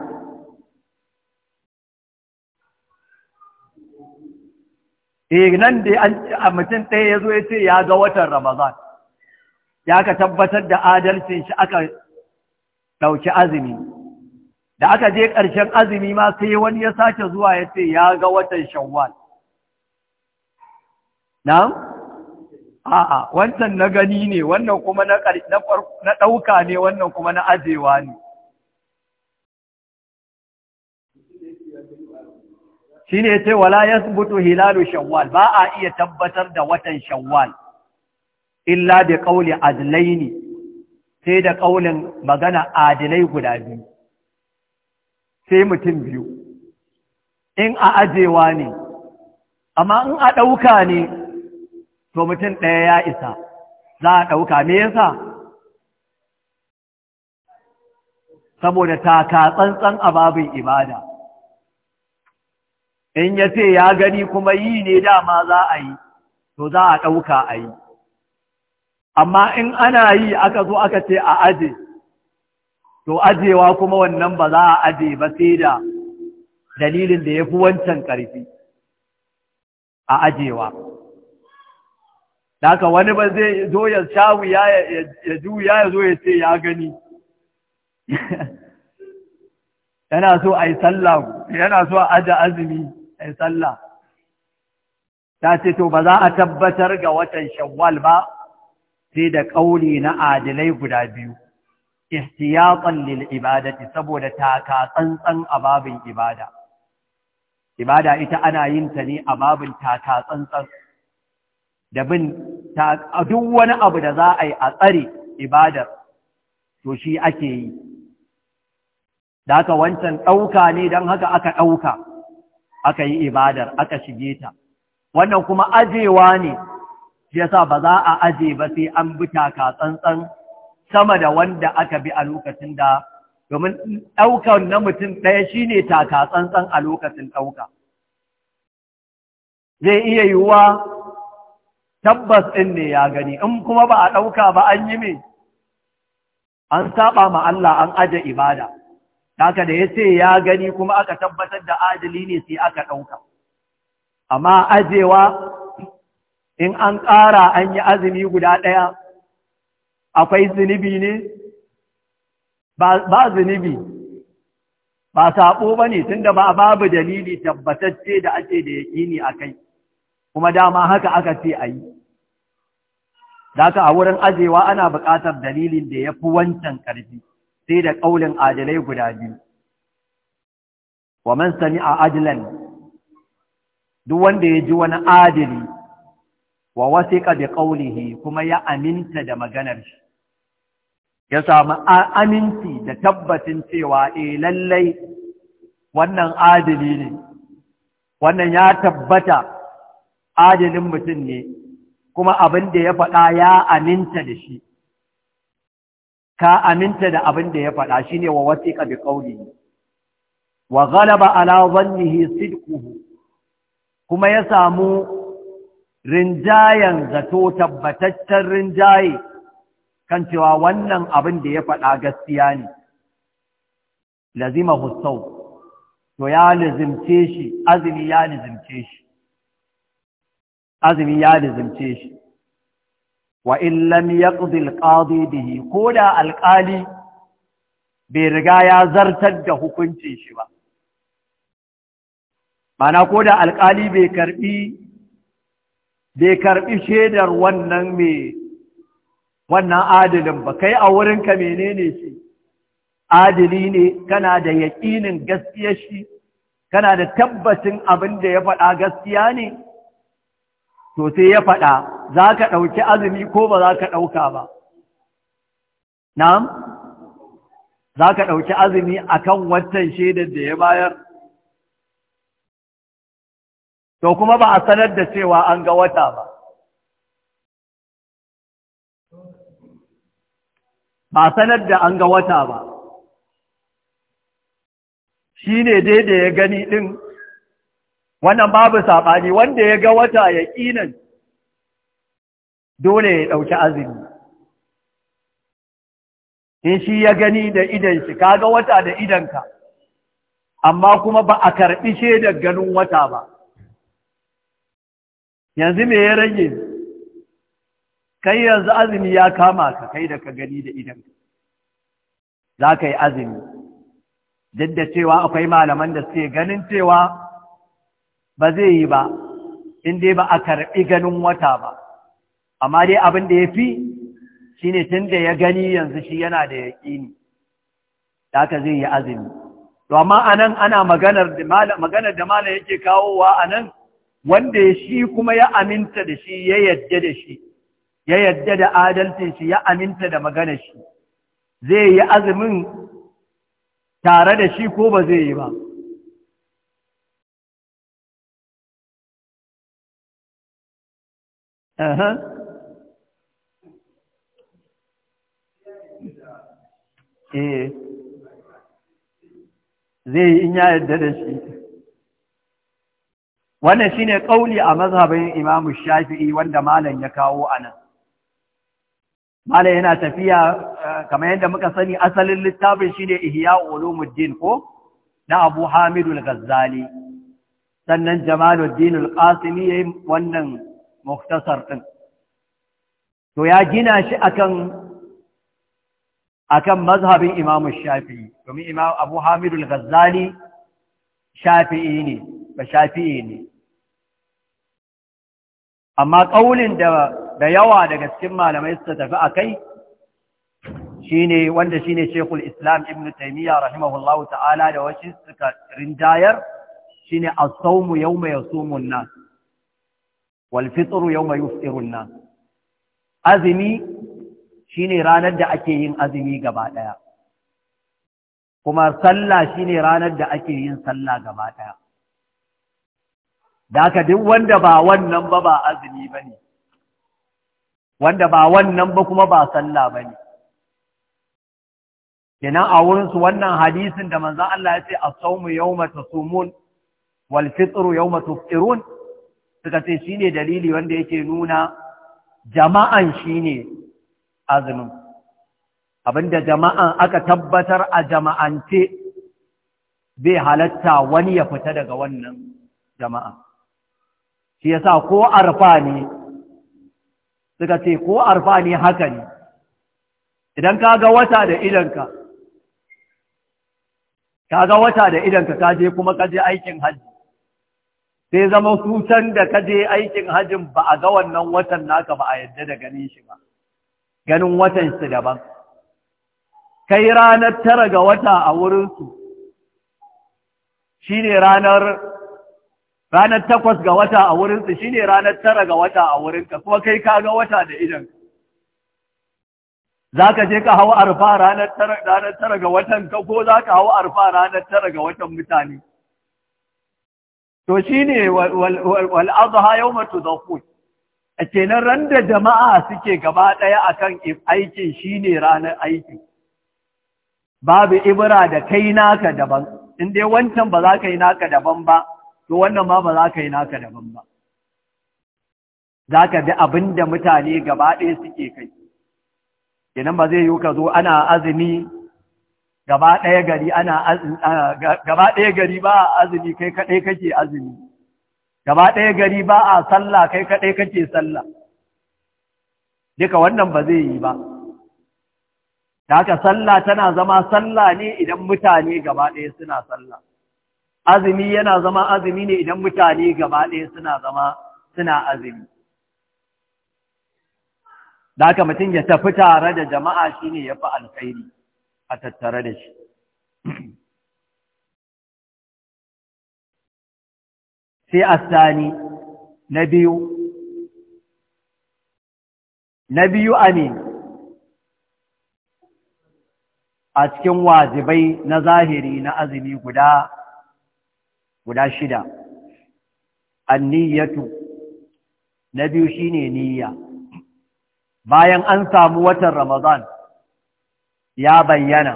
S1: eh nan da a mutum ɗaya ya zo ya ce ya ga watan ramazan ya ka tabbatar da adalcin shi aka ɗauki azumi da aka je ƙarshen azumi ma sai wani ya sake zuwa ya ce ya ga watan shawwal na? a'a wancan na gani ne wannan kuma na ɗauka ne wannan kuma na ajewa ne Shi ne ce wala yasbutu hilalu shawwal ba a iya tabbatar da watan shawwal illa da kauli adlaini sai da ƙaunin magana adilai guda biyu sai mutum biyu in a ajewa ne amma in a ɗauka ne to mutum ɗaya ya isa za a ɗauka me yasa saboda taka tsantsan ababin ibada in ya ce ya gani kuma yi ne dama za a yi to za a ɗauka a yi amma in ana yi aka zo aka ce a aje to ajewa kuma wannan ba za a aje ba sai da dalilin da ya fi wancan ƙarfi a ajewa Daka wani ba zai zo ya shawu ya juya ya zo ya ce ya gani yana so a yi sallah yana so a aje azumi ai sallah ta ce to ba za a tabbatar ga watan shawwal ba sai da kauli na adilai guda biyu ihtiyatan lil ibadati saboda taka tsantsan a babin ibada ibada ita ana yin ta ne a babin taka tsantsan da bin duk wani abu da za a yi a tsare ibadar to shi ake yi da haka wancan ɗauka ne don haka aka ɗauka aka yi ibadar aka shige ta wannan kuma ajewa ne yasa ba za a aje ba sai an bi ka tsantsan sama da wanda aka bi a lokacin da domin ɗaukar na mutum ɗaya shine taka tsantsan a lokacin ɗauka zai iya yiwuwa tabbas ɗin ne ya gani in kuma ba a ɗauka ba an yi me an saba ma Allah an aje ibada haka da ya ce ya gani kuma aka tabbatar da adali ne sai aka ɗauka amma ajewa in an ƙara an yi azumi guda ɗaya akwai zunubi ne ba zunubi ba saɓo ba ne tun da ba babu dalili tabbatacce da ake da ya yaƙini a kai kuma dama haka aka ce a yi da a wurin ajewa ana buƙatar dalilin da ya fi wancan ƙarfi sai da ƙaulin adalai guda biyu wa man sani a adilan duk wanda ya ji wani adali wa wasiƙa bi qawlihi kuma ya aminta da maganar shi ya samu aminti da tabbatin cewa e lallai wannan adali ne wannan ya tabbata adalin mutum ne kuma abin da ya faɗa ya aminta da shi ka aminta da abin da ya faɗa shi ne wa wasiqa bi qawlihi wa ghalaba ala dhannihi sidkuhu kuma ya samu rinjayen zato tabbataccen rinjaye kan cewa wannan abin da ya faɗa gaskiya ne lazima Hussau to ya lazimce shi azumi ya lazimce shi azumi ya shi wa in lam yaqdi alqadi bihi ko da alqali bai riga ya zartar da hukuncin shi ba mana ko da alƙali bai karɓi bai karɓi shaidar wannan mai wannan adalin ba kai a wurinka menene shi adili ne kana da yaƙinin gaskiya shi kana da tabbacin abin da ya faɗa gaskiya ne to sai ya faɗa za ka ɗauki azumi ko ba za ka ɗauka ba na'am za ka ɗauki azumi a kan watan shaidar da ya bayar to kuma ba a sanar da cewa an ga wata ba ba sanar da an ga wata ba shi ne dai da ya gani ɗin wannan babu saɓani wanda ya ga wata ya ƙinan dole ya ɗauki azumi in shi ya gani da idan shi kaga wata da idanka amma kuma ba a karɓi shaidar ganin wata ba yanzu me ya rage kai yanzu azumi ya kama ka kai da ka gani da idanka za ka yi azumi duk da cewa akwai malaman da suke ganin cewa ba zai yi ba in ba a karɓi ganin wata ba amma dai abin da ya fi shi ne tun da ya gani yanzu shi yana da yaƙini da aka zai yi azumi to amma a nan ana maganar da malam yake kawowa a nan wanda shi kuma ya aminta da shi ya yadda da shi ya yadda da adalcin shi ya aminta da maganar shi zai yi azumin tare da shi ko ba zai yi ba Uh-huh. eh zai yi in ya yarda da shi wannan shine kauli a mazhabin Imam Shafi'i wanda malam ya kawo anan malam yana tafiya eh, kamar yadda muka sani asalin littafin shine Ihya Ulumuddin ko na Abu Hamidul Ghazzali sannan Jamaluddin Al-Qasimi yayin wannan muktasar din to ya gina shi akan akan mazhabin Imam Shafi'i domin Imam Abu Hamid al Shafi'i ne ba Shafi'i ne amma kaulin da da yawa daga cikin malamai suka tafi akai shine wanda shine Sheikhul Islam Ibn Taymiyyah rahimahullahu ta'ala da wasu suka rindayar shine as-sawmu yawma yasumun nas wal fitru yawma yufṭirun nas azumi Shi ne ranar da ake yin azumi gaba ɗaya kuma sallah ne ranar da ake yin sallah gaba ɗaya da aka duk wanda ba wannan ba ba azumi ba ne wanda ba wannan ba kuma ba sallah ba ne kenan a wurinsu wannan hadisin da manzan Allah ya ce a saumu yau mata sumun wal yau mata suka ce shi ne dalili wanda yake nuna jama'an shi ne azumin abinda jama'an aka tabbatar a jama'ance bai halatta wani ya fita daga wannan jama'a shi yasa ko arfa ne suka ce ko arfa ne haka ne idan ka ga wata da idanka ka ga wata da idanka ka je kuma ka je aikin hajji sai zama su can da ka je aikin hajjin ba a ga wannan watan naka ba a yadda da ganin shi ba ganin watan su daban kai ranar tara ga wata a wurinsu shine ranar ranar takwas ga wata a wurinsu shine ranar tara ga wata a wurinka kuma kai ka ga wata da idan za ka je ka hau arfa ranar tara ga watan ka ko za ka hau arfa ranar tara ga watan mutane to shine wal'adha matu tudhakun a kenan ran da jama'a suke gaba ɗaya kan aikin shine ranar aiki babu ibra da kai naka daban in dai wancan ba za ka yi naka daban ba to wannan ma ba za ka yi naka daban ba za ka bi abin da mutane gaba ɗaya suke kai kenan ba zai yi ka zo ana azumi gaba ɗaya gari ana gaba ɗaya gari ba azumi kai kaɗai kake azumi gaba ɗaya gari ba a sallah kai kaɗai kake sallah duka wannan ba zai yi ba da sallah tana zama sallah ne idan mutane gaba ɗaya suna sallah azumi yana zama azumi ne idan mutane gaba ɗaya suna zama suna azumi da mutum ya tafi tare da jama'a shi ne ya fi alkhairi a tattare da shi sai sani na biyu na biyu ne a cikin wazibai na zahiri na azumi guda guda shida anniyatu na biyu shine niyya bayan an samu watan ramadan ya bayyana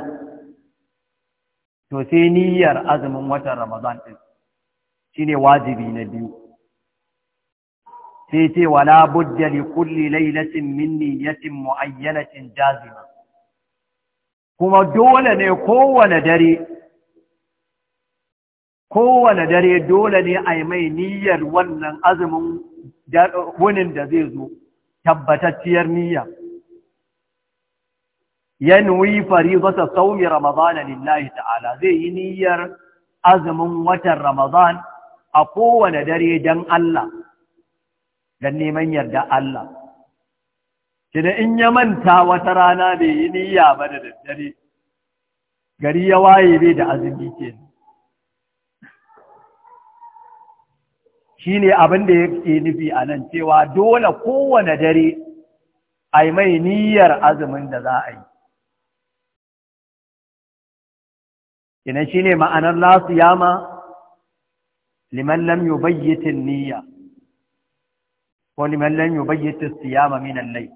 S1: to sai niyyar azumin watan ramadan din shine wajibi na biyu sai ce wala budda li kulli lailatin min niyyatin muayyanatin jazima kuma dole ne kowane dare kowane dare dole ne a yi mai niyyar wannan azumin wunin da zai zo tabbatacciyar niyya yanwi faridata saumi ramadana lillahi ta'ala zai yi niyyar azumin watan Ramadana. a kowane dare don Allah don neman yarda Allah kina in ya manta wata rana bai yi niyya ba da daddare gari ya waye bai da azumi ke shi ne abin da ya ke nufi a nan cewa dole kowane dare a yi mai niyyar azumin da za a yi Ina shi ne ma'anar lasu yama liman lam yubayyit niyya ko liman lam yubayyit siyama min al-layl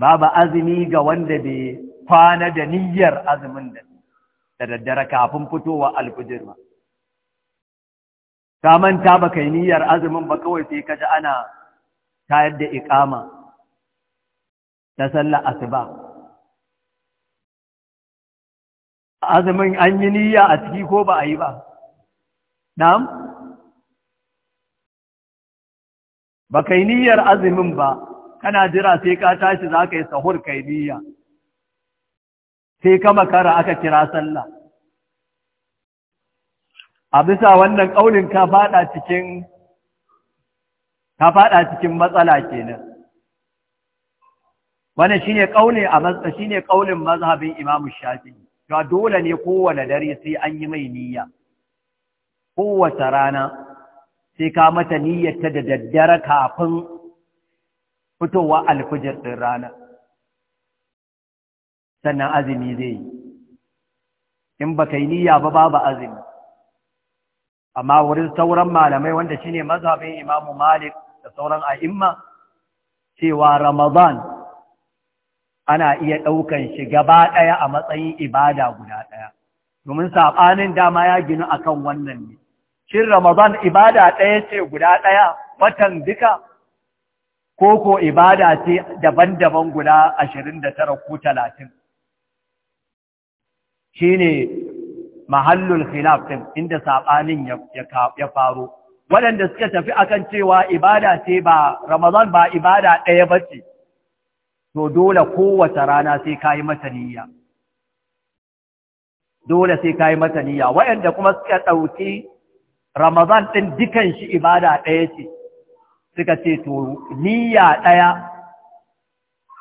S1: babu azumi ga wanda bai kwana da niyyar azumin da daddare kafin fitowa alfujir ba ka manta ba kai niyyar azumin ba kawai sai ka ana tayar da iqama ta sallar asuba azumin an yi niyya a ciki ko ba a yi ba na'am ka yi niyyar azumin ba kana jira sai ka tashi za ka yi sahur kai niyya sai ka makara aka kira sallah a bisa wannan ƙaunin ka faɗa cikin ka faɗa cikin matsala kenan wannan shine ƙaunin a shi shine ƙaunin mazhabin imamu shafi ga dole ne kowane dare sai an yi mai niyya kowace rana sai ka mata niyyarta da daddare kafin fitowa alfijir ɗin rana sannan azumi zai yi in baka yi niyya ba babu azumi amma wurin sauran malamai wanda shine mazhabin Imam Malik da sauran a'imma cewa Ramadan ana iya ɗaukan shi gaba ɗaya a matsayin ibada guda ɗaya domin saɓanin dama ya ginu akan wannan ne shin Ramadan ibada ɗaya ce guda ɗaya watan duka ko ko ibada ce daban-daban guda ashirin da tara ko talatin shi ne mahallul khilaf ɗin inda saɓanin ya faru waɗanda suka tafi akan cewa ibada ce ba Ramadan ba ibada ɗaya ba ce to dole kowace rana sai ka yi mata dole sai ka yi mata niyya waɗanda kuma suka ɗauki Ramadan ɗin dukan shi ibada ɗaya ce, suka ce to niyya ɗaya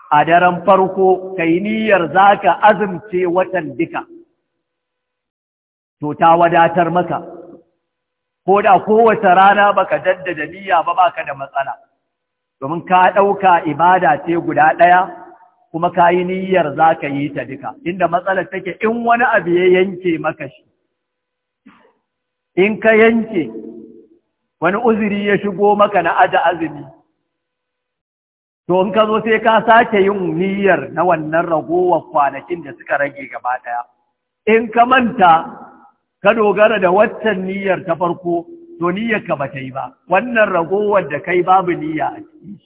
S1: a daren farko ka yi niyyar za ka azumce watan duka, to ta wadatar maka, ko da kowace rana ba baka jaddada niyya ba ba ka da matsala, domin ka ɗauka ibada ce guda ɗaya. kuma ka yi niyyar za ka yi ta duka, inda matsalar take in wani abu ya yanke maka shi, in ka yanke wani uzuri ya shigo maka na aja azumi to in ka zo sai ka sake yin niyyar na wannan ragowar kwanakin da suka rage gaba ɗaya in ka manta ka dogara da waccan niyyar ta farko to niyyar ka bata yi ba wannan ragowar da kai babu niyya a ciki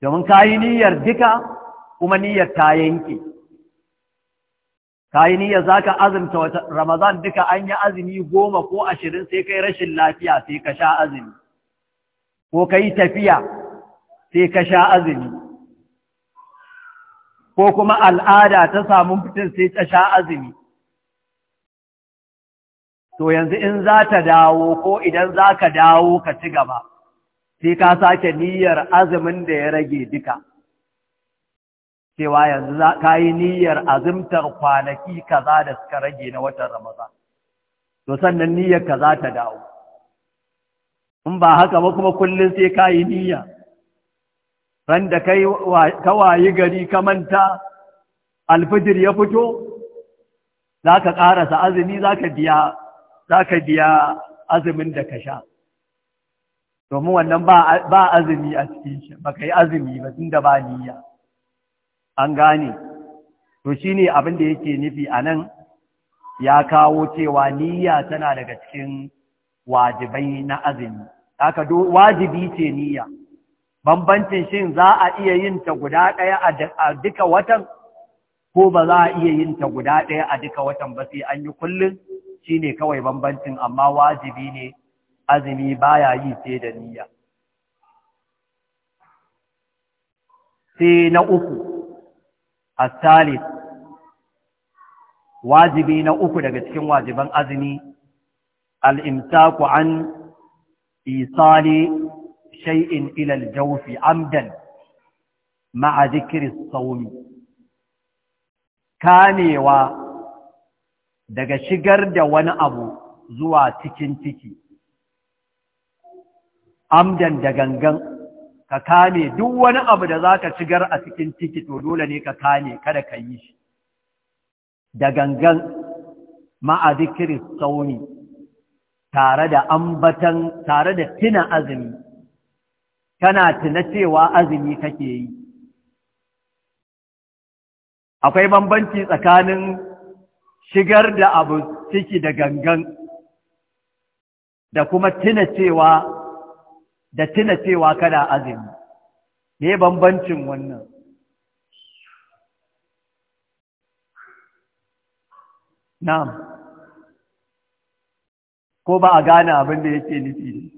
S1: domin ka yi niyyar duka kuma niyyar ta yanke ka yi niyyar za ka azumta wata Ramazan duka an yi azumi goma ko ashirin sai kai rashin lafiya sai ka sha azumi, ko ka yi tafiya sai ka sha azumi, ko kuma al'ada ta samu fitin sai ta sha azumi. To yanzu in za ta dawo ko idan za ka dawo ka ci gaba, sai ka sake niyyar azumin da ya rage duka. cewa yanzu ka yi niyyar azumtar kwanaki kaza da suka rage na watan Ramadan. To sannan niyyar kaza ta dawo. In ba haka ba kuma kullum sai ka yi niyya. Ran da ka wayi gari ka manta alfijir ya fito, za ka ƙarasa azumi za ka biya, za ka biya azumin da ka sha. Domin wannan ba azumi a cikin shi, ba ka yi azumi ba tun da ba niyya. an gane to shine abin da yake nufi a nan ya kawo cewa niyya tana daga cikin wajibai na azumi do wajibi ce niyya bambancin shi za a iya yin ta guda ɗaya a duka watan ko ba za a iya yin ta guda ɗaya a duka watan ba sai an yi kullum Shi ne kawai bambancin amma wajibi ne azumi baya yi sai da niyya sai na uku الثالث واجبي نأكو لكتكين واجبا أذني الإمساك عن إيصال شيء إلى الجوف عمدا مع ذكر الصوم كاني و دقى شقر دوان أبو زوا تكين تكي عمدا da ka kame duk wani abu da za ka shigar a cikin ciki to dole ne ka kame kada ka yi shi da gangan ma'azikirin tsauni, tare da ambatan tare da tina azumi kana tuna cewa azumi kake yi akwai bambanci tsakanin shigar da abu ciki da gangan da kuma tuna cewa da tuna cewa kana azumi me bambancin wannan na'am ko ba a gane abin da yake nufi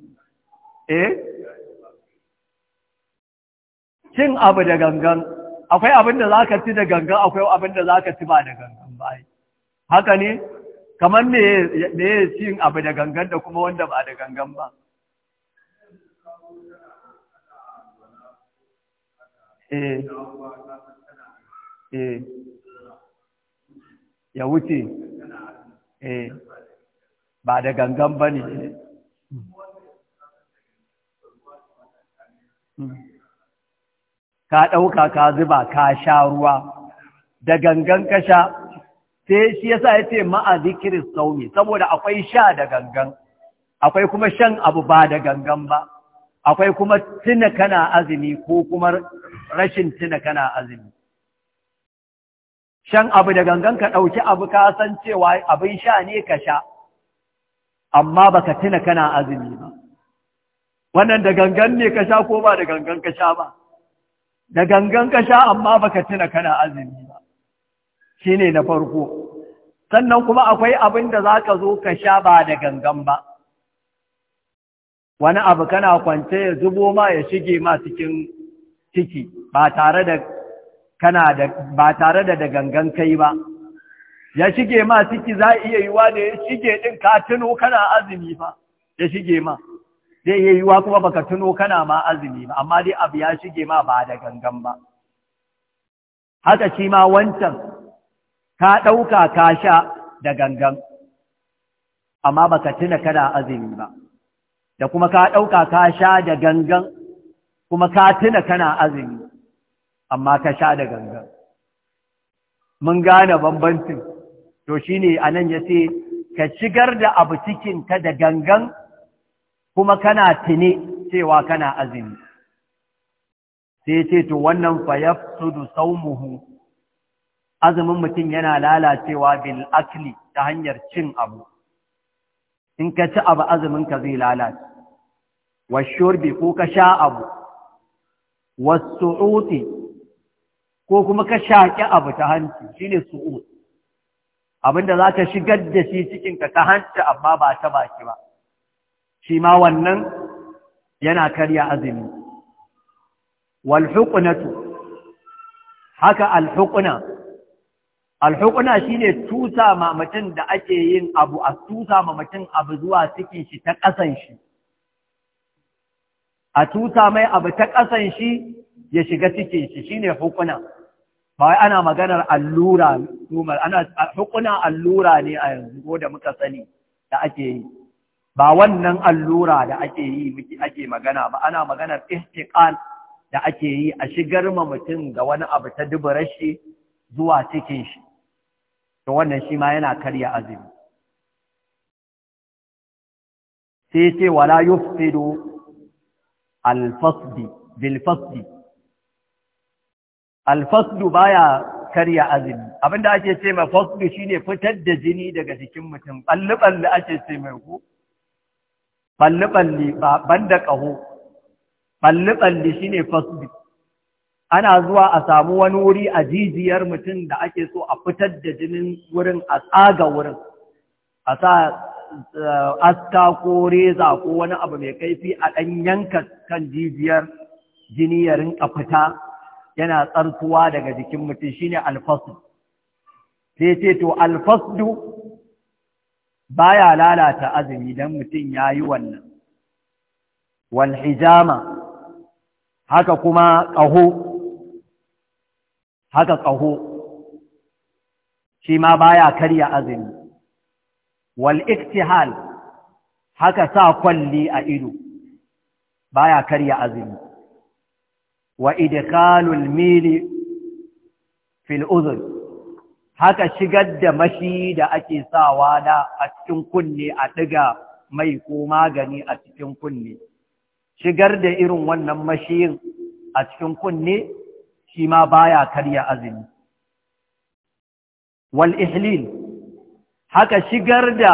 S1: eh cin abu da gangan akwai abin da zaka ci da gangan akwai abin da zaka ci ba da gangan ba haka ne kamar me me cin abu da gangan da kuma wanda ba da gangan ba E ya wuce eh. ba da gangan ba ne hmm. ka ɗauka ka zuba ka sha ruwa da gangan ka sha sai shi ya sa ya ce ma'a zikirin saumi saboda akwai sha da gangan akwai kuma shan abu ba da gangan ba akwai kuma tuna kana azumi ko kuma rashin tuna kana azumi shan abu da gangan ka ɗauki abu ka san cewa abin sha ne ka sha amma ba ka tuna kana azumi ba wannan da gangan ne ka sha ko ba da gangan ka sha ba da gangan ka sha amma ba ka tuna kana azumi ba Shi ne na farko sannan kuma akwai abin da ka zo ka sha ba da gangan ba wani abu kana kwance ya zubo ma ya shige ma cikin ciki ba tare da kana da ba tare da gangan kai ba ya shige ma ciki za iya yiwa da ya shige din ka tuno kana azumi fa ya shige ma zai iya yiwa kuma baka tuno kana ma azumi ba amma dai abu ya shige ma ba da gangan ba haka shi ma wancan ka ɗauka ka sha da gangan amma baka tuna kana azumi ba da kuma ka ɗauka ka sha da gangan kuma ka tuna kana azumi amma ka sha da gangan mun gane bambancin to shi shine anan ya ce ka shigar da abu cikinka da gangan kuma kana tune cewa kana azumi sai ce to wannan fayaf su yafsudu saumuhu azumin mutum yana lalacewa bil akli ta hanyar cin abu in ka ci abu azumin ka zai lalace wa shurbi ko ka sha abu wa ko kuma ka shaƙi abu ta hanci shine su'ut abinda za ka shigar da shi cikin ka ta hanci amma ba ta baki ba shi ma wannan yana karya azumi wal haka al huqna Alhukuna shi ne tusa mutum da ake yin abu a tusa ma mutum abu zuwa cikin shi ta ƙasan shi, a tuta mai abu ta ƙasan shi ya shiga cikin shi shi ne hukuna ba wai ana maganar allura tumar ana hukuna allura ne a yanzu ko da muka sani da ake yi ba wannan allura da ake yi miki ake magana ba ana maganar ihtiqal da ake yi a shigar ma mutum ga wani abu ta duburar shi zuwa cikin shi to wannan shi ma yana karya azumi sai ce wala yufsidu alfasdi bilfasdi alfasdu baya karya azumi abinda ake ce mai fasdu shine fitar da jini daga jikin mutum balli-balli ake ce mai ku balli ba ban da ƙaho shine fasdu ana zuwa a samu wani wuri a jijiyar mutum da ake so a fitar da jinin wurin a tsaga wurin a sa aska ko reza ko wani abu mai kaifi a ɗan yanka kan jijiyar jini ya yana tsarkuwa daga jikin mutum ne alfasu sai ce to ba ya lalata azumi dan mutum ya yi wannan wal hijama haka kuma ƙaho haka ƙaho shi ma ya karya azumi wal haka sa kwalli a ido baya karya azumi wa idikalul mili fil uzun haka shigar da mashi da ake sawa da a cikin kunne a ɗiga mai ko magani a cikin kunne shigar da irin wannan mashiyin a cikin kunne shi ma baya karya azumi wal ihlil haka shigar da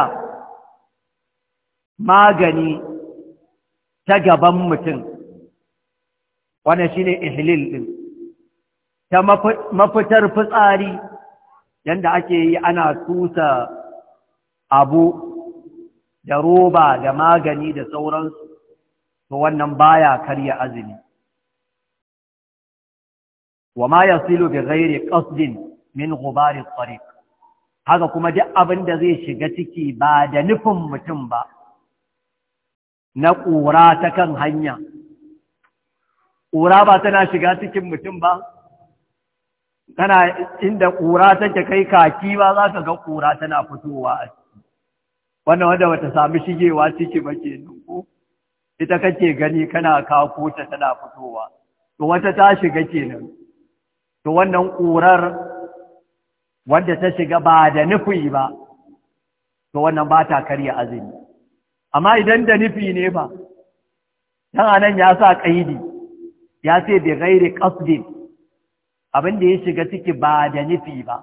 S1: magani ta gaban mutum shi shine ihlil ɗin ta mafitar fitsari Yadda ake yi ana tusa abu da roba da magani da sauransu to wannan baya karya azumi وما يصل بغير bi من غبار min haka kuma duk abin da zai shiga ciki ba da nufin mutum ba na ƙura ta kan hanya ƙura ba tana shiga cikin mutum ba tana inda ƙura take kai kaki ba za ka ga ƙura tana fitowa a ciki wannan wanda bata sami shigewa ciki ba ke ko ita kake gani kana kako ta tana fitowa to wata ta shiga kenan to wannan ƙurar wanda ta shiga ba da nufi ba to wannan ba ta karya azumi amma idan da nufi ne ba dan anan ya sa kaidi ya ce bi ghairi qasdin abin da ya shiga ciki ba da nufi ba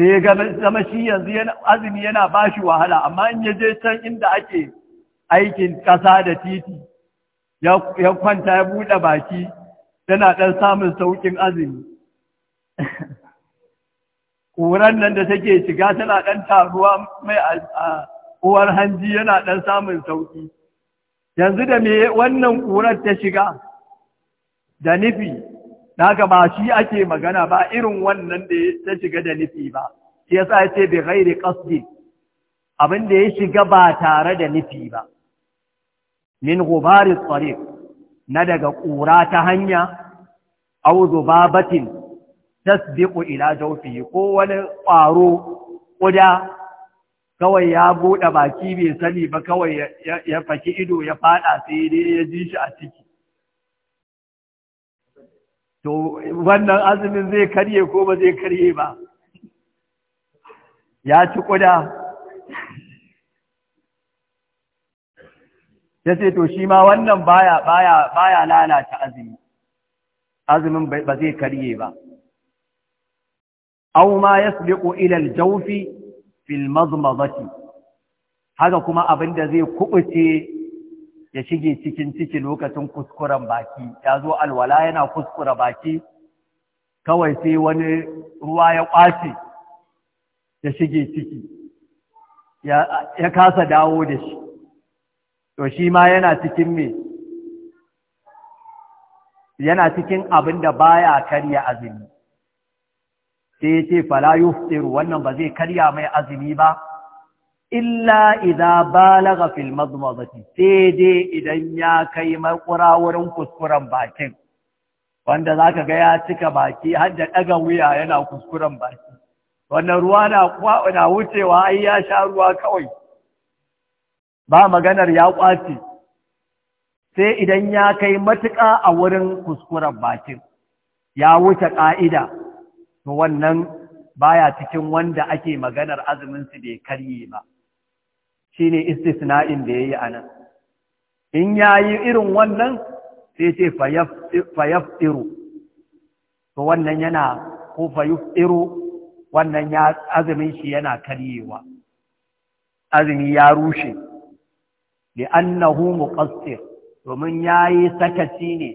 S1: sai ga zama shi yanzu azumi yana ba shi wahala amma in ya je can inda ake aikin ƙasa da titi ya kwanta ya buɗe baki yana dan samun saukin azumi ƙuran nan da take shiga tana ɗan taruwa mai uwar hanji yana ɗan samun sauƙi yanzu da me wannan ƙurar ta shiga da nufi daga ba shi ake magana ba irin wannan da ta shiga da nufi ba shi yasa ya ce bi ghairi qasdi abin da ya shiga ba tare da nufi ba min gubari tsariq na daga ƙura ta hanya au zubabatin tasbiqu ila jawfihi ko wani ƙwaro ƙuda kawai ya buɗe baki bai sani ba kawai ya faki ido ya faɗa sai dai ya ji shi a ciki to wannan azumin zai karye ko ba zai karye ba
S2: ya ci ƙuda
S1: ya ce to shi ma wannan baya baya baya lalata azumi azumin ba zai karye ba Auma ya yasbiqu ila al-jawfi fil madmadati haka kuma abin da zai kuɓuce ya shige cikin ciki lokacin kuskuren baki ya zo alwala yana kuskura baki kawai sai wani ruwa ya kwace ya shige ciki ya kasa dawo da shi to shi ma yana cikin abin da baya karya azumi sai ya ce fala yuftiru wannan ba zai karya mai azumi ba illa idza balaga fil madmadati sai dai idan ya kai makura wurin kuskuren bakin wanda zaka ga ya cika baki har da ɗaga wuya yana kuskuren baki wannan ruwa na wucewa ai ya sha ruwa kawai ba maganar ya ƙwace, sai idan ya kai matuƙa a wurin kuskuren bakin ya wuce ƙa'ida to wannan baya cikin wanda ake maganar azuminsu su bai karye ba shine istisna'in da yayi nan. in yayi irin wannan sai ce fayaftiru to wannan yana ko fayaftiru wannan azumin shi yana karyewa azumi ya rushe annahu muqassir domin yayi sakaci ne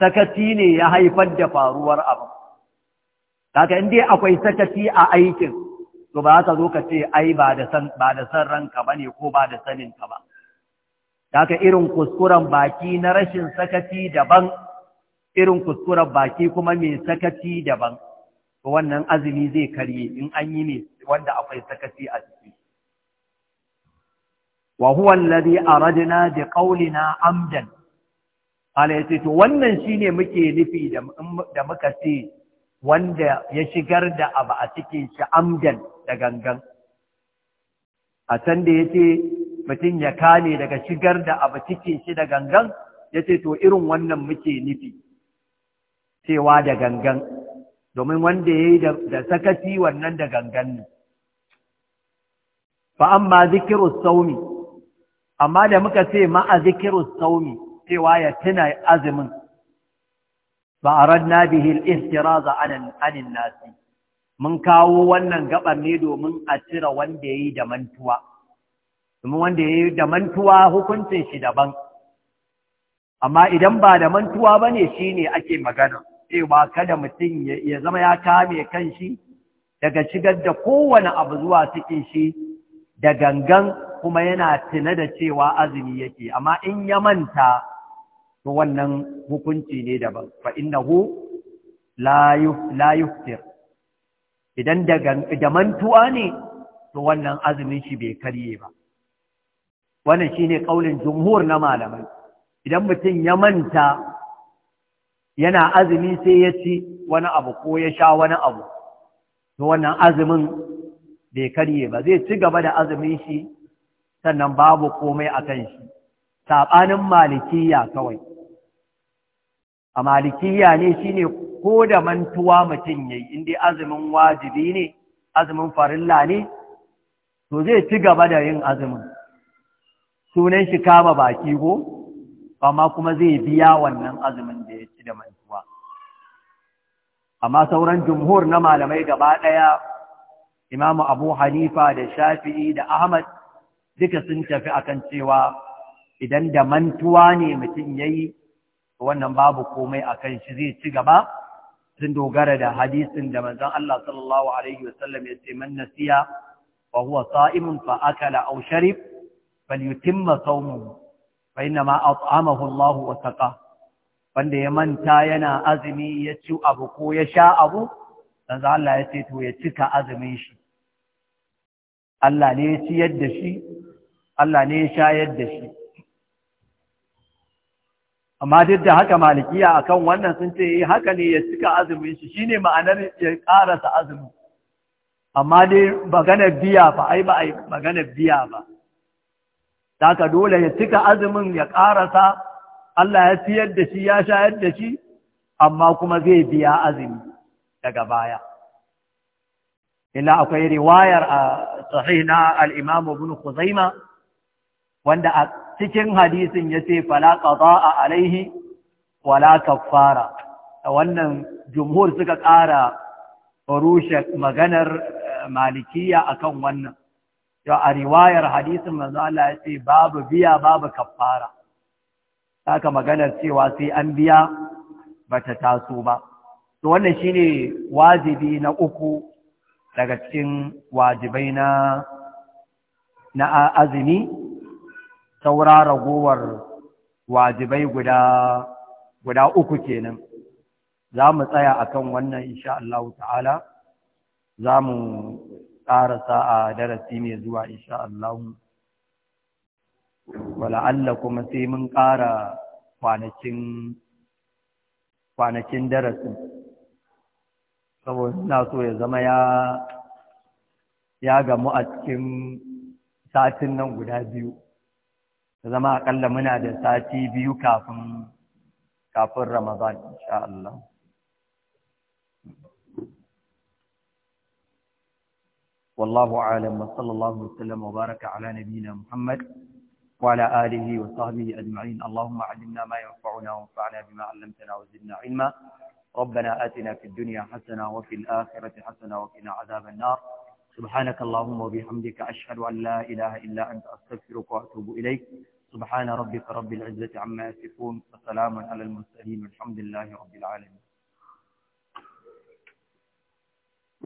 S1: sakaci ne ya haifar da faruwar abu kaga in akwai sakaci a aikin to ba ka zo ka ce ai ba da san ranka ba ne ko ba da sanin ba Daka irin kuskuren baki na rashin sakaci daban irin kuskuren baki kuma mai sakaci daban to wannan azumi zai karye in an yi ne wanda akwai sakaci a ciki wa huwa radina da bi amdan ala ce, to wannan shine muke nufi da muka ce wanda ya shigar da abu a cikin shi amdan da gangan a can da ya ce mutum ya kane daga shigar da abu cikin shi da gangan ya ce to irin wannan muke nufi cewa da gangan domin wanda ya yi da sakaci wannan da gangan ne fa amma zikirus saumi amma da muka ce ma'a zikirus saumi cewa ya tuna azumin ba aradna bihi al-ihtiraza anan anin nasi mun kawo wannan gaban ne domin a cire wanda yayi da mantuwa domin wanda yayi da mantuwa hukuncin shi daban amma idan ba da mantuwa bane shine ake magana cewa kada mutum ya zama ya kame kanshi daga shigar da kowane abu zuwa cikin shi da gangan kuma yana tuna da cewa azumi yake amma in ya manta to wannan hukunci ne daban fa innahu la la yuftir idan da mantuwa ne to wannan azumin shi bai karye ba wannan shine kaulin jumhur na malamai idan mutum ya manta yana azumi sai ya ci wani abu ko ya sha wani abu to wannan azumin bai karye ba zai ci gaba da azumin shi sannan babu komai akan shi saɓanin malikiya kawai a malikiya ne shine ko da mantuwa mutum yayi in dai azumin wajibi ne azumin farilla ne to zai ci gaba da yin azumin sunan shi kama baki ko amma kuma zai biya wannan azumin da ya ci da mantuwa amma sauran jumhur na malamai gaba ɗaya imamu abu hanifa da shafi'i da ahmad duka sun tafi akan cewa idan da mantuwa ne mutum ya yi wannan babu komai a kan shi zai ci gaba sun dogara da hadisin da manzon Allah sallallahu alaihi wasallam ya ce man nasiya fa huwa sa'imun fa akala aw sharib falyutimma sawmuhu fa inna ma at'amahu Allah wa saqa wanda ya manta yana azumi ya ci abu ko ya sha abu manzon Allah ya ce to ya cika azumin shi Allah ne ya ciyar da shi Allah ne ya shayar da shi amma duk da haka malikiya akan wannan sun ce eh, haka ne ya cika azumin shi shine ma'anar ya karasa azumin amma dai maganar biya fa ai ba ai maganar biya ba daga dole ya cika azumin ya karasa Allah ya siyar da shi ya shayar da shi amma kuma zai biya azumi daga baya Ina akwai riwayar a sahih al-Imam Ibn Khuzaimah wanda a cikin hadisin ya ce fala a alaihi wala A wannan jumhur suka ƙara rushe maganar eh, malikiya kan wannan ya a riwayar hadisin manzo ya ce babu biya babu kaffara ka maganar cewa sai an biya bata taso ba to wannan shine wajibi na uku daga cikin wajibai na azumi saura ragowar wajibai guda guda uku kenan za mu tsaya a kan wannan insha Allah ta'ala za mu sa'a sa'a darasi mai zuwa insha Allah wala'alla kuma sai mun ƙara kwanakin kwanakin darasin saboda ina so ya zama ya ya gamu a cikin satin nan guda biyu zama akalla muna da sati biyu kafin kafin Ramadan insha Allah والله أعلم وصلى الله وسلم وبارك على نبينا محمد وعلى آله وصحبه أجمعين اللهم علمنا ما ينفعنا وانفعنا بما علمتنا وزدنا علما ربنا آتنا في الدنيا حسنة وفي الآخرة حسنة وقنا عذاب النار سبحانك اللهم وبحمدك أشهد أن لا إله إلا أنت أستغفرك وأتوب إليك سبحان ربك رب العزة عما يصفون وسلام على المرسلين والحمد لله رب العالمين